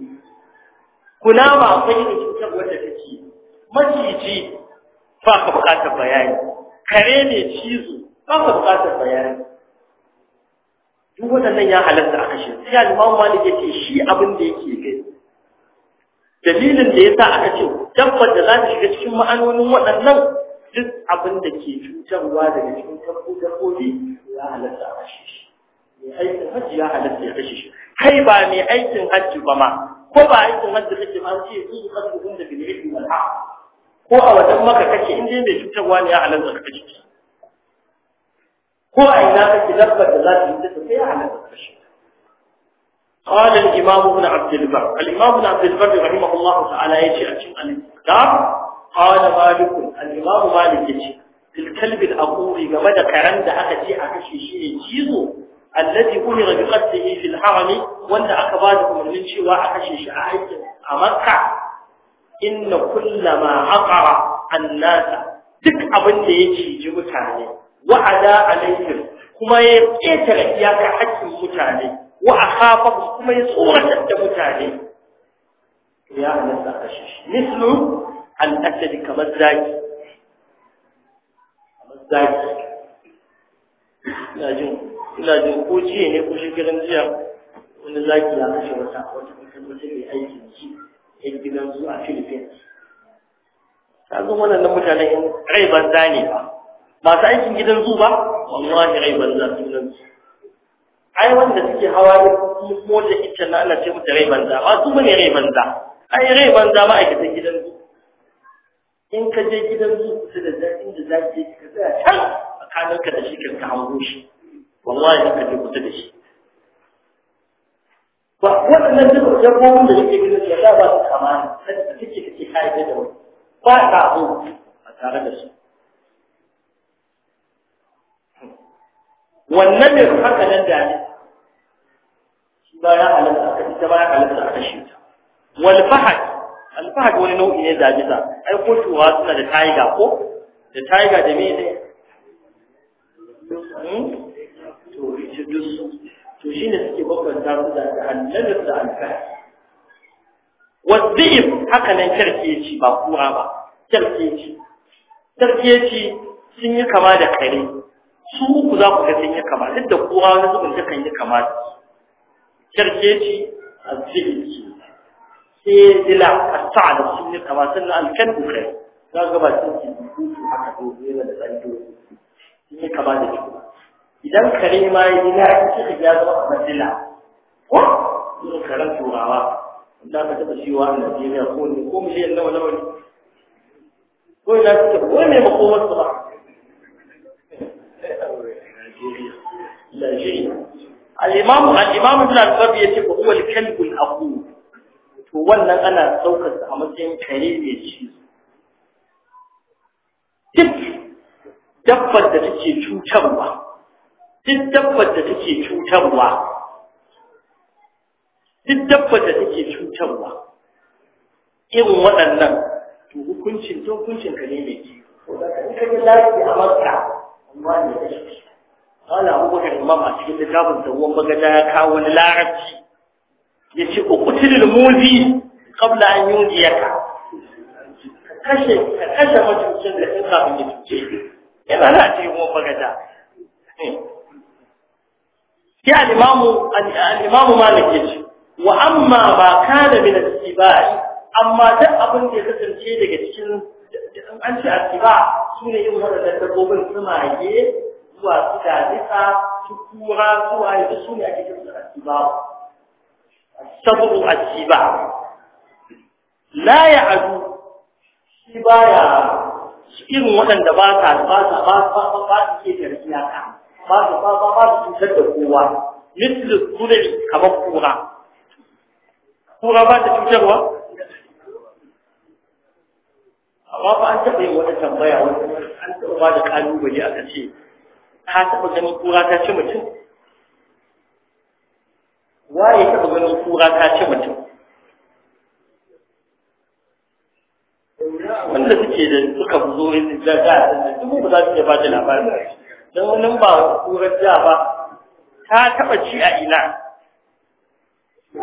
kunama akwai da cutar wadda ke, maciji ba ka bukatar bayani kare ne cizo ba ka bukatar bayani duk waɗannan ya halatta a kashe sai alimamu malik da ce shi abin da yake gani dalilin da ya sa aka ce dabbar da za ta shiga cikin ma'anonin waɗannan duk abin da ke cutarwa daga cikin kodi ya halatta a kashe shi mai aikin hajji ya halatta ya kashe shi kai ba mai aikin hajji ba ma ko ba aikin hajji kake ma ce yi kasu da bil ilmi wal ko a wajen maka kake in dai mai cutarwa ne ya halatta ka kashe shi ko a ina kake dabbar da za ta yi ta kai ya halatta ka kashe قال الإمام ابن عبد البر الإمام ابن عبد البر رحمه الله تعالى يجي أجمع الكتاب قال مالك الإمام مالك يجي الكلب الأقوي game da karen da aka ce a kashe shi ne الذي wanda aka bada umarnin cewa a kashe shi A أعيد a makka inna ما عقر annasa, duk abin da ya ciji mutane wa'ada alaikum kuma ya ƙetare iyakar haƙƙin mutane wa akhafa kuma ya tsoratar da mutane ya a kashe shi mislu an asad kamar zaki kamar zaki jin ina jin ko jiya ne ko shekarun jiya wani zaki ya kashe wata wata mutum wata mai aikin ci yan gidan su a philippines ta zo wannan mutanen in rai banza ne ba masu aikin gidan zu ba wallahi rai banza su nan su ai wanda suke hawa ne mota ita na ana ce mata rai banza ba su bane rai banza ai rai banza ma'aikatan gidan zu in ka je gidan zu kusa da zafin da zaki ka tsaya can kanarka da shi ka hango shi wallahi ka ji kusa da shi ba waɗannan duk dabbobin da yake gidan ya ba su kama sai da kike kike kai da wani ba ka zo a tare da su wannan ne haka nan da ne shi ba ya halatta aka ita ba ya halatta aka shi ta wal fahad al fahad wani nau'i ne da bisa ai ko tuwa suna da tiger ko da tiger da me ne shi ne suke bakwanta su da jahannamin da alfahari wadda'if haka nan kyarkeci ba kura ba kyarkeci kyarkeci sun yi kama da kare su ku za ku ga sun yi kama duk da kura wani zubin da kan yi kama da su kyarkeci azziki sai dila da sun yi kama sun na alkadu kai za ga ba sun yi haka dole da tsanto sun yi kama da juna idan kare ma ya yi na cikin ya zama kamar dila ko irin karen turawa wanda ka taɓa cewa a najeriya ko ne ko miliyan yadda nawa wani. ko ina suke ko ne ko wasu ba الإمام ya ce ba يقول هو الكلب الأقوم to wannan ana saukar a matsayin kare mai shi. duk dabbar da take cutarwa duk dabbar da take cutarwa duk dabbar da take cutarwa irin waɗannan to hukuncin to hukuncin ka ne mai ki ko da kan kai lafi a makka amma ne da shi ala abu bakar imam a cikin littafin tawon bagaja ya kawo wani larabci ya ce uqtilul muzi qabla an yunjiyaka ka kashe ka kashe mutuncin da in kafin ya cuce yana na cikin wani bagaja sai al-imamu al-imamu malik yace wa amma ba kana min al-ibai amma abin da ya kasance daga cikin an ce al-iba sune yin wadannan dabbobin sumaye zuwa su dadisa su kura zuwa su ne ake kiran al sabu al-iba la ya'du shi baya irin waɗanda ba ta ba sa ba ba ba ke da iyaka ba su ba ba su cutar da kowa mislu kulli kamar kura kura ba ta cutarwa amma ba an taɓa yin wata tambaya an taɓa ba da ƙalubale aka ce ka taɓa ganin kura ta ci mutum waye taɓa ganin kura ta ci mutum wanda suke da suka zo da da da duk ba za su iya ba da labarin da wani ba turar jiya ba ta taba ci a ina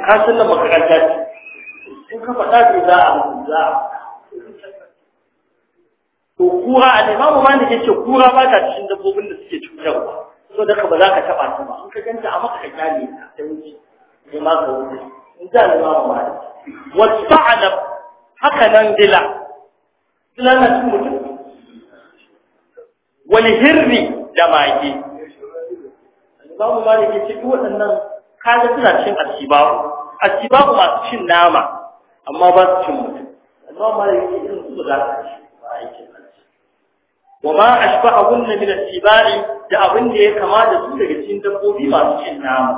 ka san da makaranta ce in ka faɗa ce za a za a to kura a ne babu ma ne ce kura ba ta cikin dabbobin da suke cutarwa so da ka ba za ka taba ta ba in ka ganta a maka ka kyale ta ta wuce ne ma ka wuce in za ne ma ba wasu fa'ala haka nan dila dila na cikin mutum wani hirri da mage babu ma da ke cikin waɗannan kaga suna cin asibahu, asibabu masu cin nama amma ba su cin mutum amma ma da ke irin su za su ci ba aikin wa ma ashbahunna min asibari da abin da ya kama da su daga cikin dabbobi masu cin nama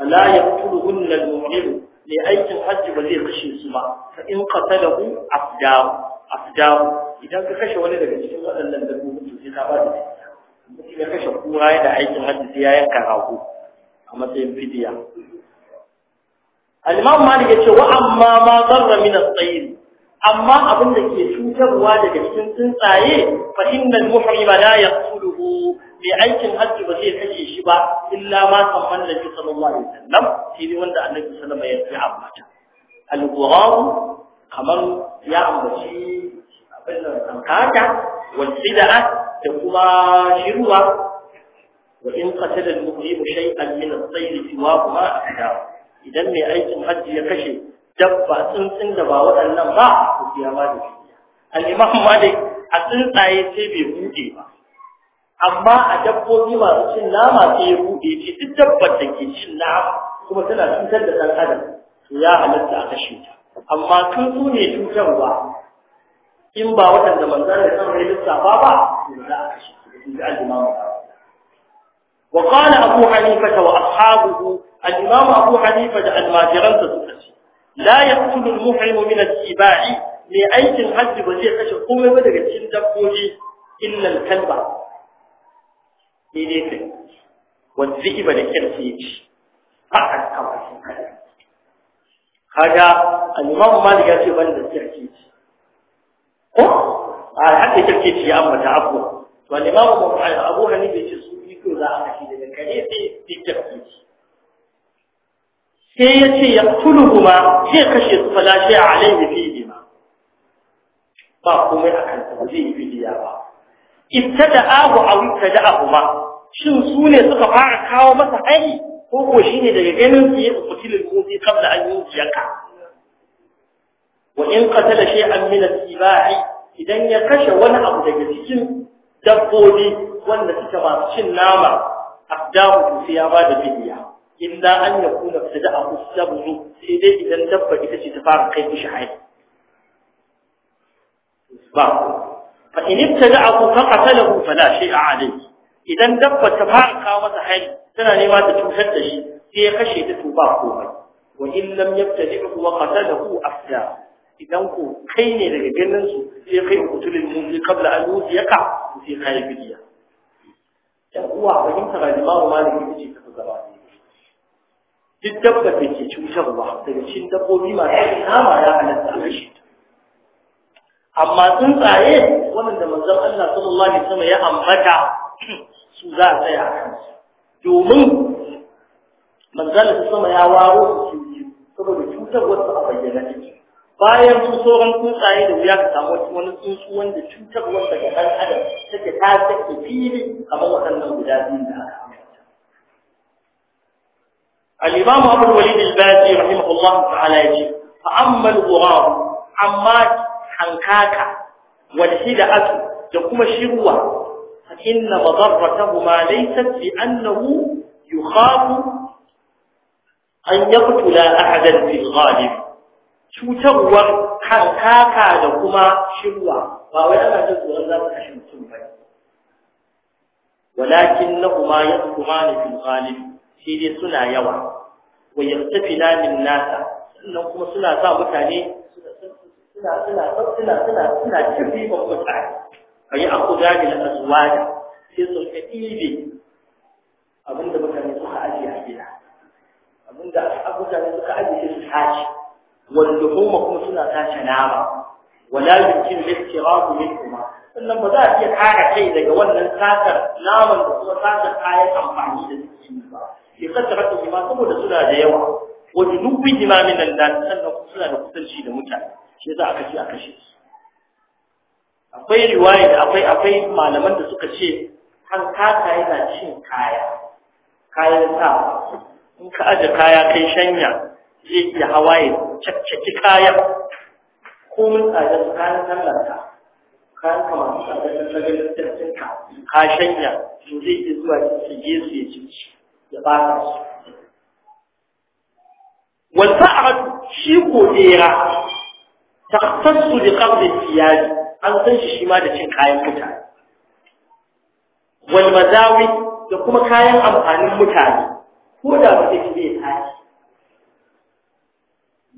ala yaqtuluhunna al-mu'min ne aikin hajji ba zai kashe su ba fa in qatalahu afdahu afdahu idan ka kashe wani daga cikin waɗannan dabbobi to sai ka ba da ya kashe kura da aikin hajji ya yanka rago a matsayin fidiya al-imam malik yace wa amma ma zarra min as-sayr amma abin da ke cutarwa daga cikin tsuntsaye fa innal muhrima la yaqtuluhu bi aikin hajji ba zai kashe shi ba illa ma kamman da sallallahu alaihi wasallam shi ne wanda annabi sallallahu alaihi wasallam ya ambata al-ghurab kamar ya ambaci abin da kankata والبدعة تكما شروع وإن قتل المقيم شيئا من الطير سواهما أحدار إذا ما أيتم حج يكشف دبا تنسن دبا وأنم ما في أمانه الإمام مالك أتنسى يسيبي بوجي ما amma a dabbobi masu cin nama sai ya buɗe ce duk dabbar da ke cin nama kuma tana cutar da ɗan adam to ya halatta a kashe ta amma tun ne cutarwa in ba waɗanda manzan da san rai lissafa ba to za a kashe in ji al-imamu wa qala abu hanifa wa ashabuhu al-imam abu hanifa da almajiran sa suka ce la yaqulu al-muhrim min al-tibai mai aikin hajji ba zai kashe komai ba daga cikin dabbobi illa al-kalba ne ne kai wanda zai ba da kirki ya ci haka kawai kaga al-imam malik ya ce ban da kirki ko a haka yake ce ya ta abu to al-imam Abu Hanifa yace su ko za a kashi daga kare sai fitar kici sai yace yaqtuluhuma sai kashe su fala shi alaihi fihi ma ba kuma akan ta ba zai fidiya ba ibtada'ahu aw ibtada'ahuma shin su ne suka fara kawo masa aiki ko ko shine daga ganin su ya kutilin ko sai kabla an yi jaka wa in qatala shay'an min al-sibahi idan ya kashe wani abu daga cikin dabbobi wanda suka masu cin nama abdahu sai ya bada fidiya illa an yakuna sadaqahu sabzu sai dai idan dabba ita ce ta fara kai mishi hayi ba fa in ibtada'ahu fa qatalahu fala shay'a alayhi idan dabba ta kawo masa tana nema ta cutar da shi sai ya kashe ta to ba komai wa in lam afda idan ku kai ne daga ganin su sai kai kutulin mun fi qabla an yusiyaka sai kai bidiya dan uwa fahimta ga Malami maliki ce ta gaba duk dabba da ke cutarwa daga cikin dabbobi masu kama ya halatta a kashe ta amma tsuntsaye da manzon Allah sallallahu alaihi wasallam ya ambata su za a tsaya domin manzon Allah sallallahu ya waro su saboda cutar wasu a bayyana take bayan sun sauran tsuntsaye da wuya ka samu wani tsuntsu wanda cutarwar daga ɗan adam take ta sake fili kamar waɗannan guda biyun da aka الإمام أبو الوليد البازي رحمه الله تعالى يجي فأما الغراب أما حنكاك والهدأة لكم الشروة فإن مضرتهما ليست لأنه يخاف أن يقتل أحدا في الغالب cutarwar kaka da kuma shirwa ba wai ana tsoron za su kashe mutum ba walakin na kuma ya kuma ne fi halin shi dai suna yawa wa tafi min nasa sannan kuma suna sa mutane suna suna suna suna suna cin ribar mutane ayi akuda bil sai su kadibe abinda mutane suka ajiye a gida abinda suka ajiye su tashi واللحوم كما سنة تاشناما ولا يمكن الاستغاث منهما sannan ba za a iya kare kai daga wannan satar naman da kuma satar kayan amfani da suke yi ba ke kasara su ma saboda suna da yawa wani nufin imamin nan da sannan kuma suna da kusanci da mutane shi za aka ce a kashe su akwai riwaya da akwai akwai malaman da suka ce an kasa yana cin kaya kayan sa in ka aje kaya kai shanya zai iya hawa ya caccaki kayan komin tsadar kayan tallata, kayan kama su tsadar tsadar tsadar ka shanya to zai iya zuwa su je su ya cici ya ba ta su wata a shi ko ɗera ta tasu da ƙarfin siyari an san shi shi ma da cin kayan mutane Wani mazawi da kuma kayan amfanin mutane ko da ba zai fi zai tashi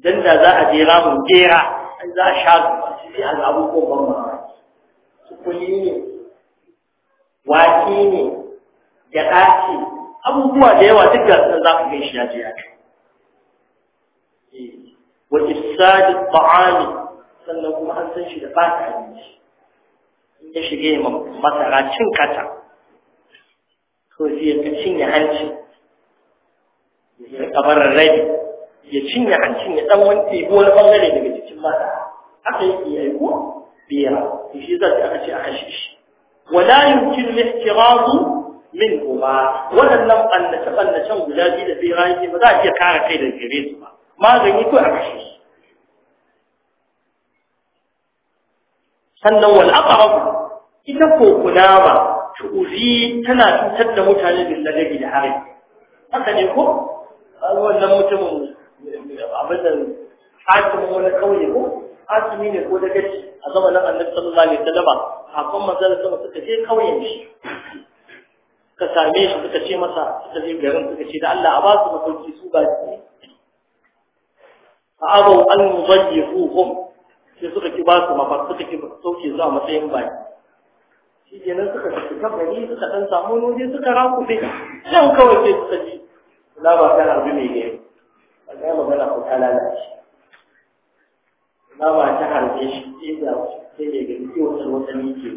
dan da za a je ramin gera an za a sha zuwa shi sai ko ban ma kuli ne waki ne da ake. abubuwa da yawa duk da sun za ku gan shi ya je ya ci wa isadi ta'ani sannan kuma an san shi da ba bata abinci in ya shige masara cin kata ko zai ka cinye hanci ya kabar rabi ya cinye hancin ya dan wanke ko wani bangare daga cikin mata aka yi yayi ko biya shi zai aka ce aka shi shi wala yumkinu al-ihtiraz minhuma wadannan annace annacen guda biyu da birayi ne ba za a iya kare kai da gare su ba magani ko aka shi sannan wal aqrab ita ko kunama tuzi tana cutar da mutane bin ladabi da hari haka ne ko wannan mutumin abin nan hakimin wani kauye ko hakimi ne ko da gaci a zamanin annabi sallallahu alaihi wasallam kafin manzon sama suka je kauyen shi ka same shi suka ce masa suka je garin suka ce da Allah a ba su mutunci su ba ki. fa abu an yudayyifuhum sai suka ki ba su mafar suka ki sauke zuwa matsayin bai shi kenan suka shiga gari suka dan samu noje suka rakufe shan kawai sai suka ji na ba kan harbi mai ne kaga magana ko ta lalace na ba ta harbe shi inda sai ne ga iya wata wata mike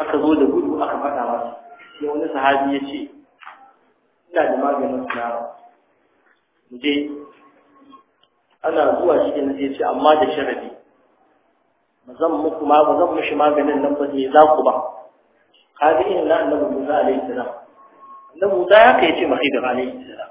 aka zo da gudu aka faɗa masa sai wani sahabi ya ce ina da maganin sinawa Muje. je ana zuwa shi ne zai ce amma da sharadi ba zan muku ma ba zan mishi maganin nan ba ne za ku ba Ka kaga yin na annabi Musa alaihi salam annabi Musa ya kai ce da alaihi salam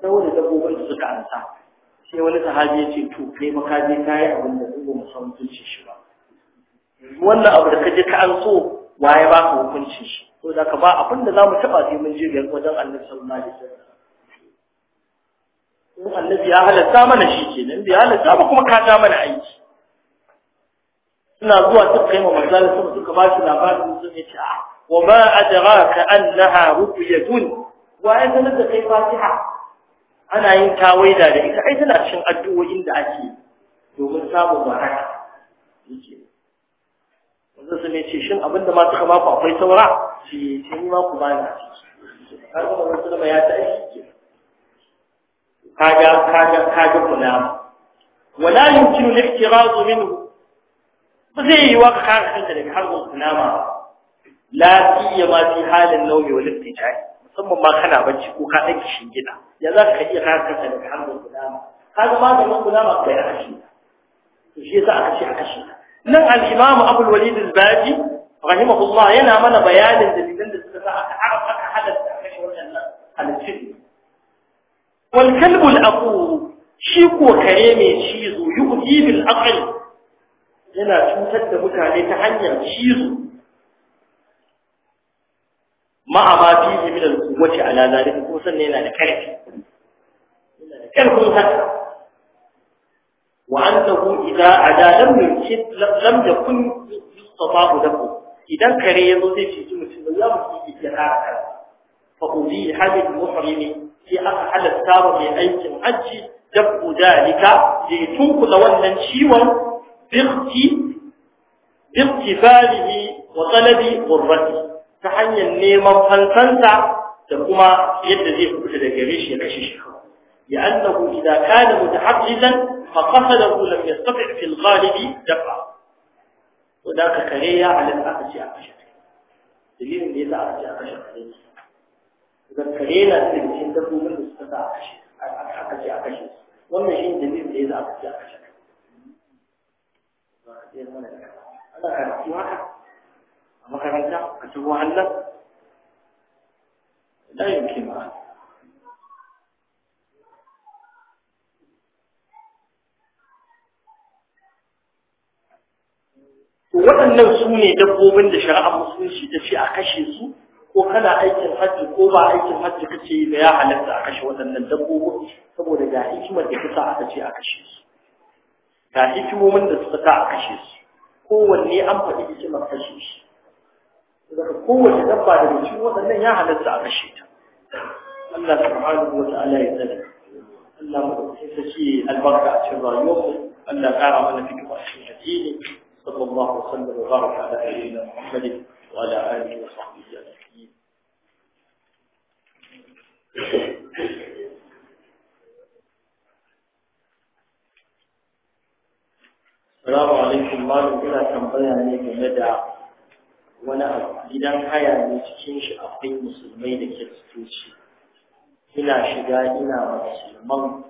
wani dabbobin da suka ansa sai wani sahabi ya ce to kai makaji ka yi abin da zuwa ce shi ba wannan abu da ka je ka an so waye ba ka hukuncin shi ko da ka ba abin da za mu taɓa sai mun je biyar wajen annabi sallallahu alaihi wasallam in annabi ya halatta mana shi kenan bai halatta ba kuma ka ta mana aiki suna zuwa suka kai ma manzali sama suka ba shi labarin sun yace a ah, wa ma adraka annaha ruqyatun wa ya da kai fatiha ana yin tawaida da ita ai tana cin addu'o'in da ake domin samun baraka yake wanda su ne ce shin abinda ma suka baku akwai saura shi ce ni ma ku bani har kuma wasu sulama ya ta aiki ke kaga kaga kaga kuna wala yumkinu al-ihtiraz minhu ba zai yi wa da har daga harbin ma la ma fi halin nauyi wal ittijai musamman ma kana bacci ko ka ɗan shin gida ذاك حقيقة كفل الحمد لله هذا ما تقول كلامك غير عشي شيء ساعه شيء عشي نعم الإمام أبو الوليد الباجي رحمه الله ينا من بيان دليلين لسنة أعرف أن حدث على السجن والكلب الأبو شيكو كريمي شيزو يؤذي بالأقل yana cutar da mutane ta hanyar cizo ma'a ma fihi min al-quwwati ala zalika ko sannan yana da karfi wa an karfin haka wa annahu idza ada lam yushid lam yakun yustata'u lahu idan kare yazo zai ci mutum ya ke mutum ya haka fa ubi hadith muhrimi sai aka halatta wa mai aikin hajji dabbu dalika ya tunkula wannan ciwon birti birtifalihi wa talabi qurrati ta hanyar neman fansanta da kuma yadda zai fita da gare shi ya kashe shi ya annahu idza kana mutahaffizan fa qasadahu lam yastati fi al-ghalib dafa wanda ka kare ya alal akaci a kashe dalilin da yasa akaci a kashe kare da kare na cikin dabbobin da suka a kashe akaci a kashe wannan shi dalilin da yasa akaci a kashe ana karatu haka makaranta a cikin wahalar la yumkin ba waɗannan su ne dabbobin da shari'ar musulunci ta ce a kashe su ko kana aikin hajji ko ba aikin hajji kace da ya halatta a kashe waɗannan dabbobin saboda ga hikimar da kusa aka ce a kashe su ga hikimomin da suka sa a kashe su kowanne an faɗi hikimar kashe shi daga kowace dabba daga cikin waɗannan ya halatta a kashe ta Allah subhanahu wa ta'ala ya tsare Allah mu sai shi albarka a cikin rayuwar Allah ƙara mana cikin cikin addini sallallahu alaihi wa sallam wa baraka ala sayyidina Muhammad wa ala alihi wa sahbihi ajma'in Assalamu alaikum malam ina tambaya ne game da wani abu gidan haya ne cikin shi akwai musulmai da kiristoci ina shiga ina musulman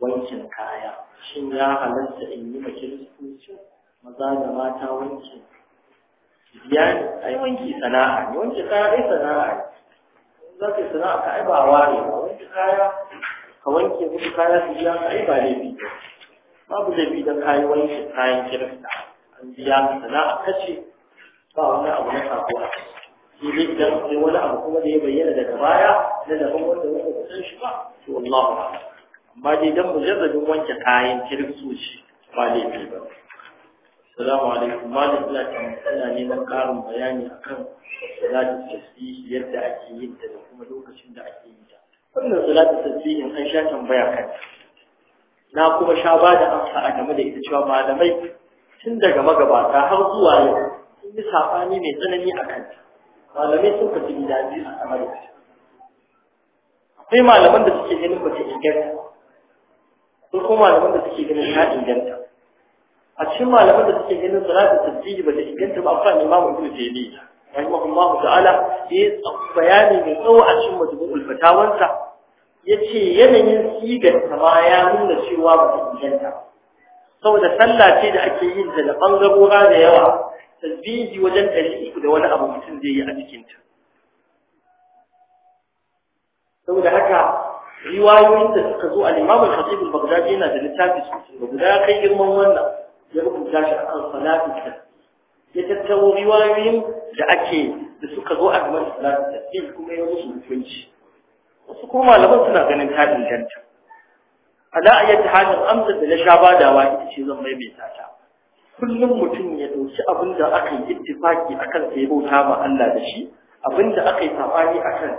wankin kaya shin ya halatta in yi ma kiristoci maza da mata wankin biya ai wanki sana'a ne wanki kaya dai sana'a ne za ka yi sana'a ka ai ba ware ba wanki kaya ka wanke musu kaya su biya ka ai ba laifi babu laifi da kayi wanki kayan kirista an biya ka sana'a kace ba wani abu na sako a shi ne idan akwai wani abu kuma da ya bayyana daga baya na daban wanda wanda ba san shi ba to wallahu amma dai dan mujarradin wanke kayan kiristoci ba laifi ba Assalamu alaikum malam ina tambaya neman karin bayani akan salatul tasbih yadda ake yin ta da kuma lokacin da ake yin ta wannan salatul tasbih an sha tambaya kan na kuma sha ba da amsa a game da ita cewa malamai tun daga magabata har zuwa yau sun yi saɓani mai tsanani a malamai sun fi gida a Amurka. akwai malaman da suke ganin ba ta inganta sun kuma malaman da suke ganin ta inganta a cikin malaman da suke ganin salatin tasbihi ba ta inganta ba akwai imamu ibnu taymiya rahimahullah ta'ala ya bayani mai tsawo a cikin majmu'ul Ya ce yanayin sigar sama ya nuna cewa ba ta inganta saboda sallah ce da ake yin da bangarora da yawa tasbihi wajen ɗari uku da wani abu mutum zai yi a cikinta saboda haka riwayoyin da suka zo al Limamin al-Khatib al-Baghdadi yana da littafi sosai da guda kai girman wannan ya rubuta shi akan salatu ya tattaro riwayoyin da ake da suka zo a game da salatu tasbih kuma ya musu hukunci wasu kuma malaman suna ganin ta inganta ala yadda halin amsa da na sha badawa ita ce zan maimaita ta kullum mutum ya dauki abin da aka yi ittifaki a kan sai bauta ma Allah da shi abin da aka yi sabani a kan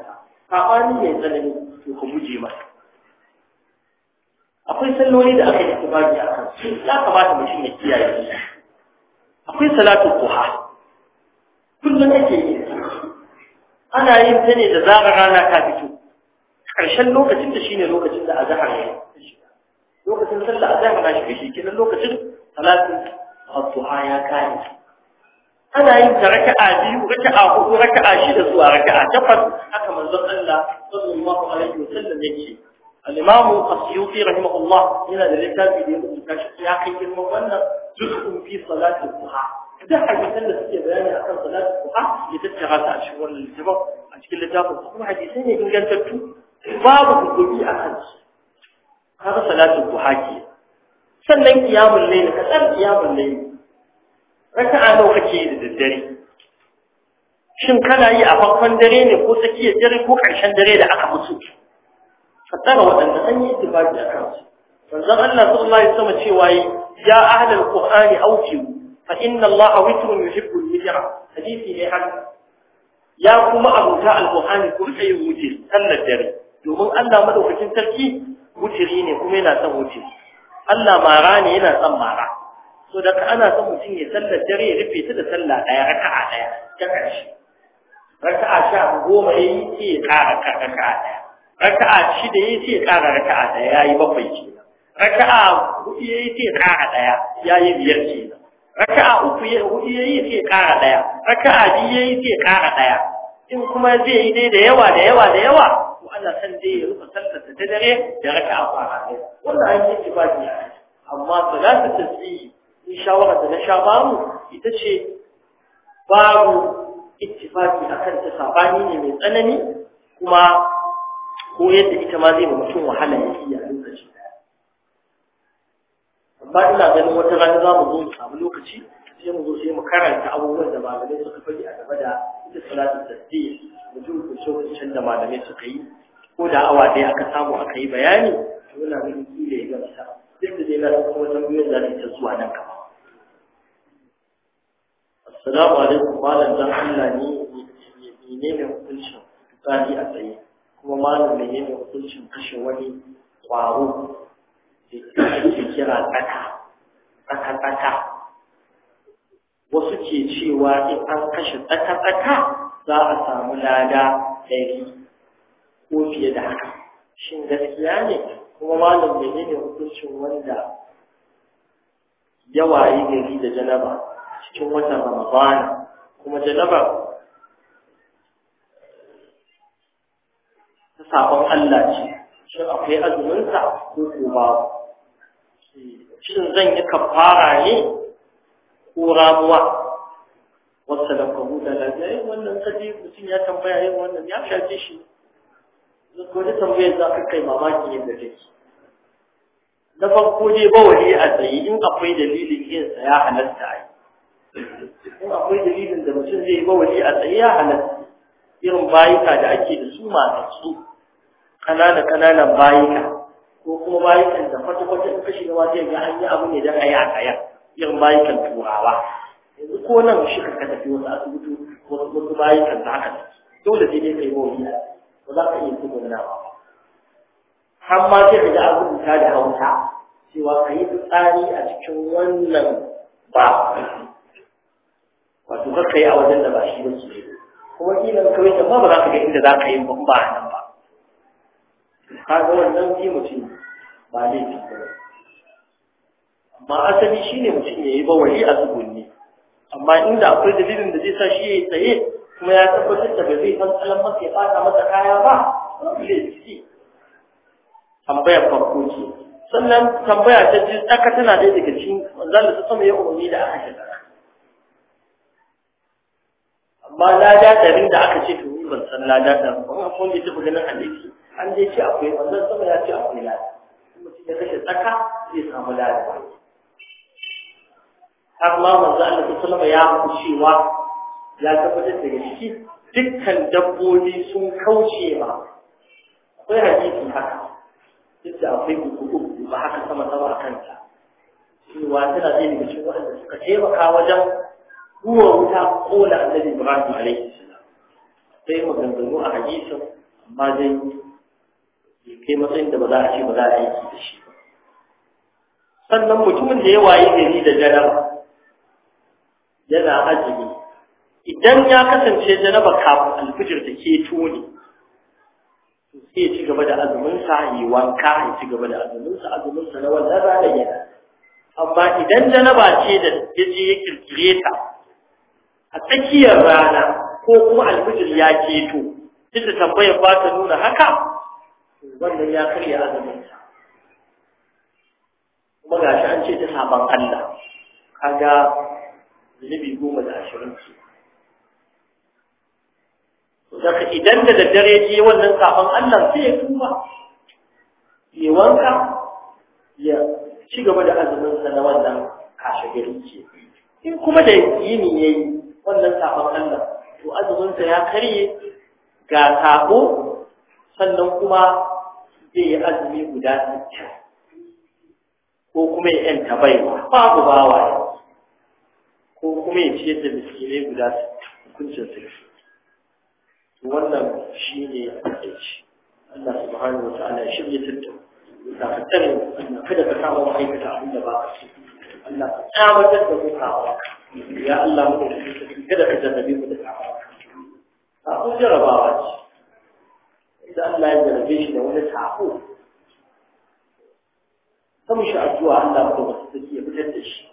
sabani ya tsanani to ku guje ba. akwai salloli da aka yi ittifaki kan su ya kamata mutum ya kiyaye su akwai salatu duha kullum yake yi ana yin ta ne da zarar rana ta fito ƙarshen lokacin da shine lokacin da azhar ya lokacin sallah azhar na shi kenan lokacin salatu. addu'a ya kai ana yin ta raka'a biyu raka'a hudu raka'a shida zuwa raka'a takwas haka manzon Allah sallallahu alaihi wasallam yake al-imamu as-suyuti rahimahullah yana da littafi da ya rubuta shi ya kai girman wannan juz'un fi salati duha da hadisan da suke bayani akan salati duha ya tattara ta a cikin wannan littafin a cikin littafin kuma hadisai ne ingantattu babu hukumi a kansu kaga salatu duha ke sannan kiyamun layl ka san layl raka'a nawa kake yi da daddare shin kana yi a farkon dare ne ko tsakiyar dare ko ƙarshen dare da aka mutu fassara waɗanda an yi ittifaqi a kansu manzon Allah sallallahu alaihi wasallam cewa yi ya ahlal qur'ani awtiu fa inna Allah witrun yuhibbul witra hadisi ne haka ya kuma abuta alqur'ani ku rike yin wutir sallar dare domin Allah madaukakin sarki wutiri ne kuma yana son wutiri Allah mara ne yana son mara so da ana son mutum ya sallar dare ya rufe ta da sallah daya raka'a daya ta ƙarshe raka'a sha goma ya yi sai ya ƙara raka'a daya raka'a shida ya yi sai ya ƙara raka'a daya ya yi bakwai ke raka'a hudu ya yi sai ya ƙara daya ya yi biyar ke raka'a uku ya hudu ya yi sai ya ƙara daya raka'a biyu ya yi sai ya ƙara daya in kuma zai yi dai da yawa da yawa da yawa to Allah san dai ya rufe sallar ta dare da raka'a fara ɗaya. wannan an yi ibadi amma salatu tasbih shawara da na sha bamu ita ce babu ittifaki kan ta sabani ne mai tsanani kuma ko yadda ita ma zai ma mutum wahala ya a lokaci amma ina ganin wata rana za mu zo mu samu lokaci sai mu zo sai mu karanta abubuwan da malamai suka faɗi a gaba da ita salatu tasbih da duk da malamai suka yi ko da awa ɗaya aka samu aka yi bayani to ina ganin kila ya gamsa duk da dai na san kuma tambayoyin za ta zuwa nan gaba salamu alaikum malam dan Allah ne ne ne hukuncin tsari a tsaye kuma malam ne ne hukuncin kashe wani kwaro da ke kira tsaka tsaka tsaka wasu ke cewa in an kashe tsaka tsaka za a samu lada ɗari ko fiye da haka shin gaskiya ne kuma malam ne ne hukuncin wanda yawa yi gari da janaba cikin watan ramadana kuma janaba ta sabon Allah ce shi akwai azumin sa ko ba shin zan yi kafara ne ko rabuwa wasu da kwamu da lafiya eh, wannan kaji mutum ya tambaya yin eh, wannan ya shafi shi wani tambayar za ka kai mamaki yadda take da farko dai ba wani a tsaye in akwai dalilin yin sa ya halatta a in akwai dalilin da mutum zai mawali a tsaye ya halatta irin bayika da ake da su masu su kanana kananan bayika ko kuma bayikan da kwata-kwata in kashi gaba zai ga an abu ne don a yi a tsaya irin bayikan turawa yanzu ko nan shi ka tafi wasu asibiti wasu bayikan da haka dole sai dai kai mawali ba za ka iya tsugunawa ba har ma sai ka ji an rubuta da hausa cewa ka yi tsari a cikin wannan ba wato kar yi a wajen da ba shi ba su kuma ina ka yi amma ba za ka ga inda za ka yi ba ba nan ba ka ga wannan shi mutum ba laifi ba amma asali shine mutum ya yi wani a tsugunni amma inda akwai dalilin da zai sa shi ya yi tsaye kuma ya tabbatar da ba zai fantsalan masa ya fata masa kaya ba laifi tambayar farko ce sannan tambaya ta ji tsaka tana ɗaya daga cikin manzan da ta sama ya umarni da aka shiga amma lada ɗarin da aka ce to ni ban san lada ɗarin ba amma mun tafi ganin hadisi an je ce akwai wannan sama ya ce akwai Kuma mutum ya kashe tsaka zai samu lada har ma manzo Allah sallama ya faɗi cewa ya tabbatar da gaske dukkan dabbobi sun kauce ma akwai hadisi haka duk da akwai gugu ba haka sama sama a kanta cewa tana zai daga cikin wanda suka taimaka wajen huwa wuta kola annabi ibrahim alaihi salam sai maganganu a hadisin amma Ya kai matsayin da ba za a ce ba za a aiki da shi ba sannan mutumin da ya waye gari da jaraba yana azumi idan ya kasance jaraba kafin alfijir da ke tuni to sai ya ci gaba da azuminsa yi wanka ya ci gaba da azuminsa azuminsa na wannan ranar yana amma idan jaraba ce da ya je ya kirkire ta a tsakiyar rana ko kuma alfijir ya keto tunda tambayar ba ta nuna haka wannan ya karya azaminta kuma ga shi an ce ta saban Allah kaga zunubi goma da ashirin ce daga idan da daddare ce wannan sabon Allah sai ya tuba ya wanka ya ci gaba da azuminsa na wannan kashe gari ce in kuma da yini ya yi wannan sakamakon nan to azuminsa ya karye ga sako sannan kuma zai yi azumi guda sittin ko kuma ya yanta baiwa babu bawa ya ko kuma ya ciyar da miskinai guda hukuncin sulfi wannan shi ne a takaici Allah subhanahu wa ta'ala shirye tattau da ka da kada ka samu aikata abin da ba ka so Allah ka tsawatar da ku kawo ya Allah mu da shi kada ka jarrabe mu da kawo a kun jarrabawa ce idan Allah ya jarrabe shi da wani sako ta mu shi addu'a Allah mu da wasu take ya fitar da shi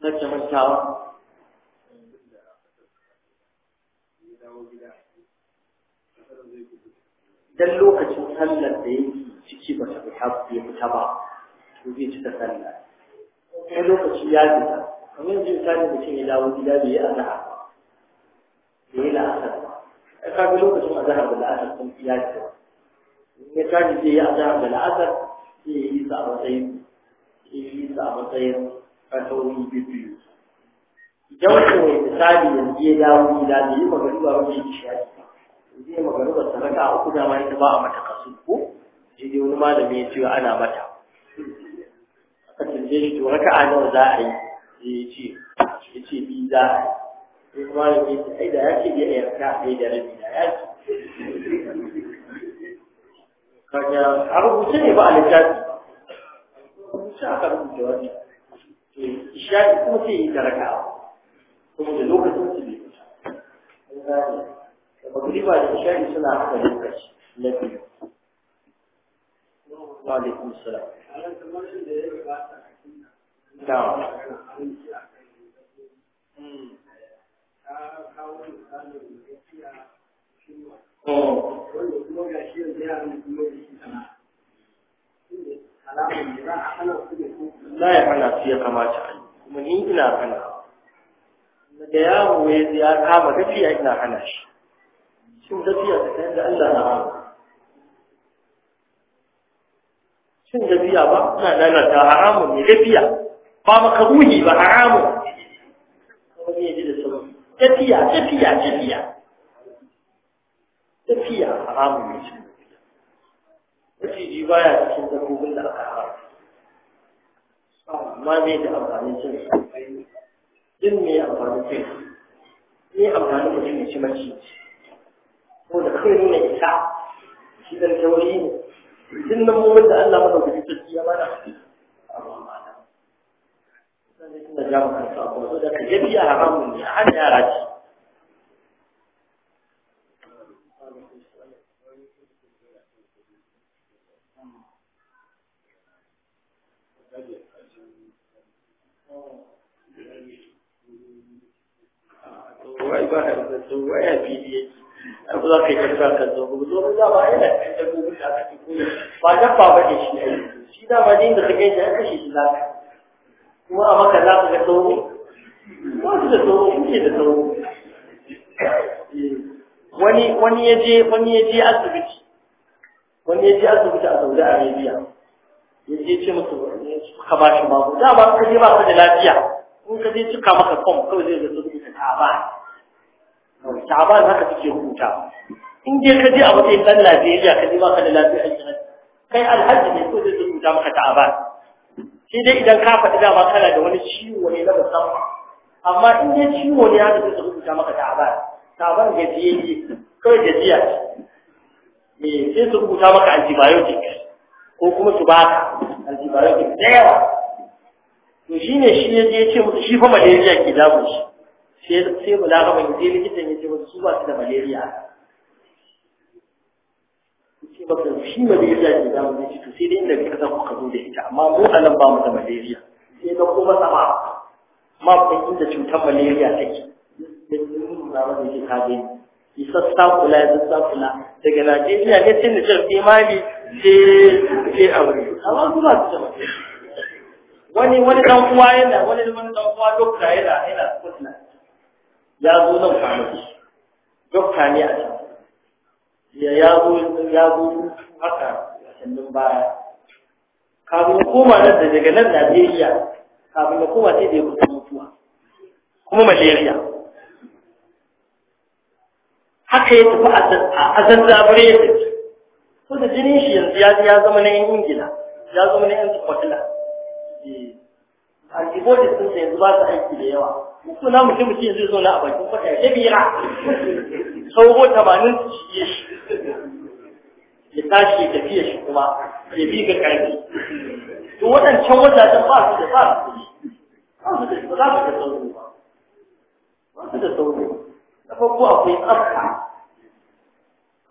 Nake mantawa dan lokacin sallar da yake ciki ba ta hafi fita ba to zai ci ta sallar sai lokaci ya fita kamar yanzu misali mutum ya dawo gida bai yi azhar da yi la'asar ba ka ga lokacin azhar da la'asar sun fi yaki ba ya tashi zai yi azhar da la'asar sai ya yi sa a matsayin sai ya yi sa a matsayin fasauri biyu idan kawai misali yanzu ya dawo gida bai yi magana ba bai yi shafi zai magana da sadaka a uku dama ita ba a mata kasu ko shi dai wani malami ya ce ana mata aka tambaye shi to raka'a nawa za a yi ya ce ya ce bi za a yi sai malami ya ce ai da ya ce ya yarda sai da rabi da ya ce kaga a rubuce ne ba a littafi rubuce aka rubuta wani to isha'i kuma sai yi da raka'a kuma da lokacin su bai fita magriba da ishari suna haka lokaci na biyu alaikum salam da la ya hana su ya kamata a yi kuma ni ina hana da yawo ya kama gafiya ina hana shi shin gafiya da kayan yadda Allah na hana shin gafiya ba Ina lalata haramun mai gafiya ba makaruhi ba haramun wani ya ji da sauran gafiya gafiya gafiya gafiya haramun ne shi maciji ya cikin dabbobin da aka haramta amma ne da amfanin cin su din me amfanin cin su me amfanin mutum ya ci maciji ko da kai nuna isa shi dan tauri ne tun nan mun da Allah ya mana da ta wai ba da yake abu za ka yi tafiya kan zogo za ba yana cikin dabbobin da aka shi ba dabba ba ne shi shi da ba ne ta ka gaji an kashe shi za kuma a maka za ka ga sauro ba su da sauro da wani wani ya je wani ya je asibiti wani ya je asibiti a Saudi Arabia ya je ce musu ya ba shi magunguna da ba ka je ba ka da lafiya in ka je cika maka fom kawai zai ga ka ta ba sha'ban haka suke huta in je ka je a matsayin ɗan Najeriya ka je ba ka da lafiya a jiran kai alhaji ne ko zai rubuta maka sha'ban sai dai idan ka faɗi dama kana da wani ciwo ne na musamman amma in je ciwo ne haka zai rubuta maka sha'ban sha'ban gajiye ne kawai gajiya ce me sai su rubuta maka antibiotic ko kuma su baka antibiotic da yawa to ne shi ne ya ce shi fa malaria ke damun shi sai balaraban sai likitan ya ce wasu su ba su da malaria ce baka shi malaria ke damu zai to sai dai inda kika san kuka zo da ita amma mu a nan ba mu da malaria sai na kuma sama ma ban inda cutar malaria take na wani ke kaje ki sassa kula ya sassa kula daga Najeriya ne sai na jar imani sai sai aure amma kuma ta wani wani dan uwa yana wani wani dan uwa dokta yana yana Scotland ya zo nan kwanaki dokta ne a can ya ya zo ya zo haka a cannin baya kafin ya koma nan da daga nan Najeriya kafin ya koma sai da ya kusa mutuwa kuma malaria haka ya tafi a zabirai ya tafi ko da jinin shi yanzu ya zama na yan ingila ya zama na yan scotland eh, antibodies sun yanzu ba su aiki da yawa muku na mutum mutum zai zo na a bakin kwata ya bira sauho tamanin su shige shi ya tashi ya tafiya shi kuma ya bi ga ƙarfi to waɗancan wajajen ba su da ba su da ba su da sauro ba ba su da sauro na farko akwai tsafta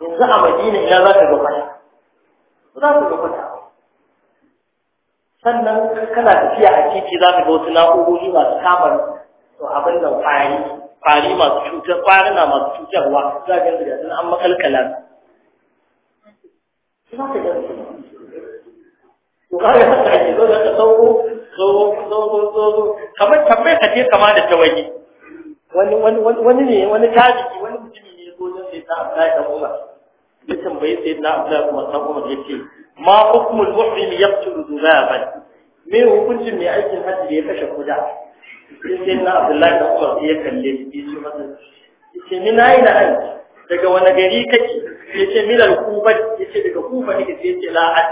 yanzu a madina ina za ka ga kwata za ka ga kwata sannan kana tafiya a titi za ka ga wasu na'urori masu kamar to abin da kwari kwari masu cutar kwarina masu cutarwa za ka ga sun an makalkala za ka ga to kaga haka ake zo da sauro sauro sauro sauro kamar tambayar ka ce kama da tawayi wani wani wani ne wani tajiki wani mutumi ne zo da sai ta Abdullahi da kuma. ya tambaye sai na Abdullahi da Umar sai Umar ya ce ma hukmul muhrim yaqtulu dhubaban me hukuncin mai aikin hajji ya kashe kuda sai na abdullahi da umar sai ya kalle shi shi masa yace ni na da an daga wani gari kake yace min al-kufa yace daga kufa nake sai yace la ad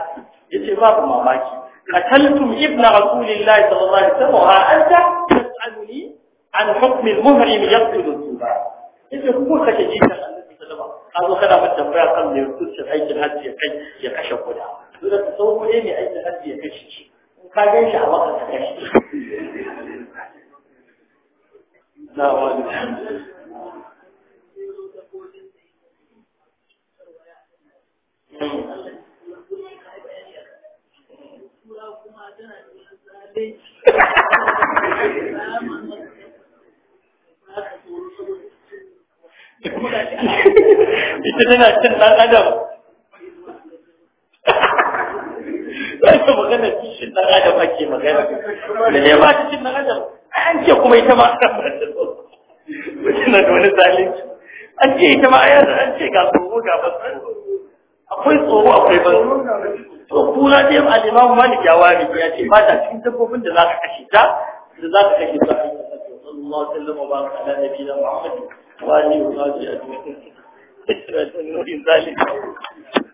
yace babu mamaki qataltum ibn rasulillahi sallallahu alaihi wasallam wa anta tas'aluni an hukm al-muhrim yaqtulu al-tuba yace ku kace ji ta annabi sallallahu alaihi wasallam kada mu tambaya kan ne kusa aikin hajji ya kai ya kashe kuda dole ka sauko ne aikin hajji ya kashe shi ka gan shi a wakan ka kashe ita tana cin ɗan adam za ka magana cin ɗan adam ake magana da ne ba ta cin ɗan adam an ce kuma ita ma na da wani zalunci an ce ita ma ayar an ce ga tsoro ga basan akwai tsoro akwai ban to kula dai al ma malik ya wani ya ce ba ta cikin dabbobin da za ka kashe ta da za ka kashe ta Allah sallama ba ka ala nabiyina Muhammad wa alihi wa sahbihi ajma'in. Ita da nau'in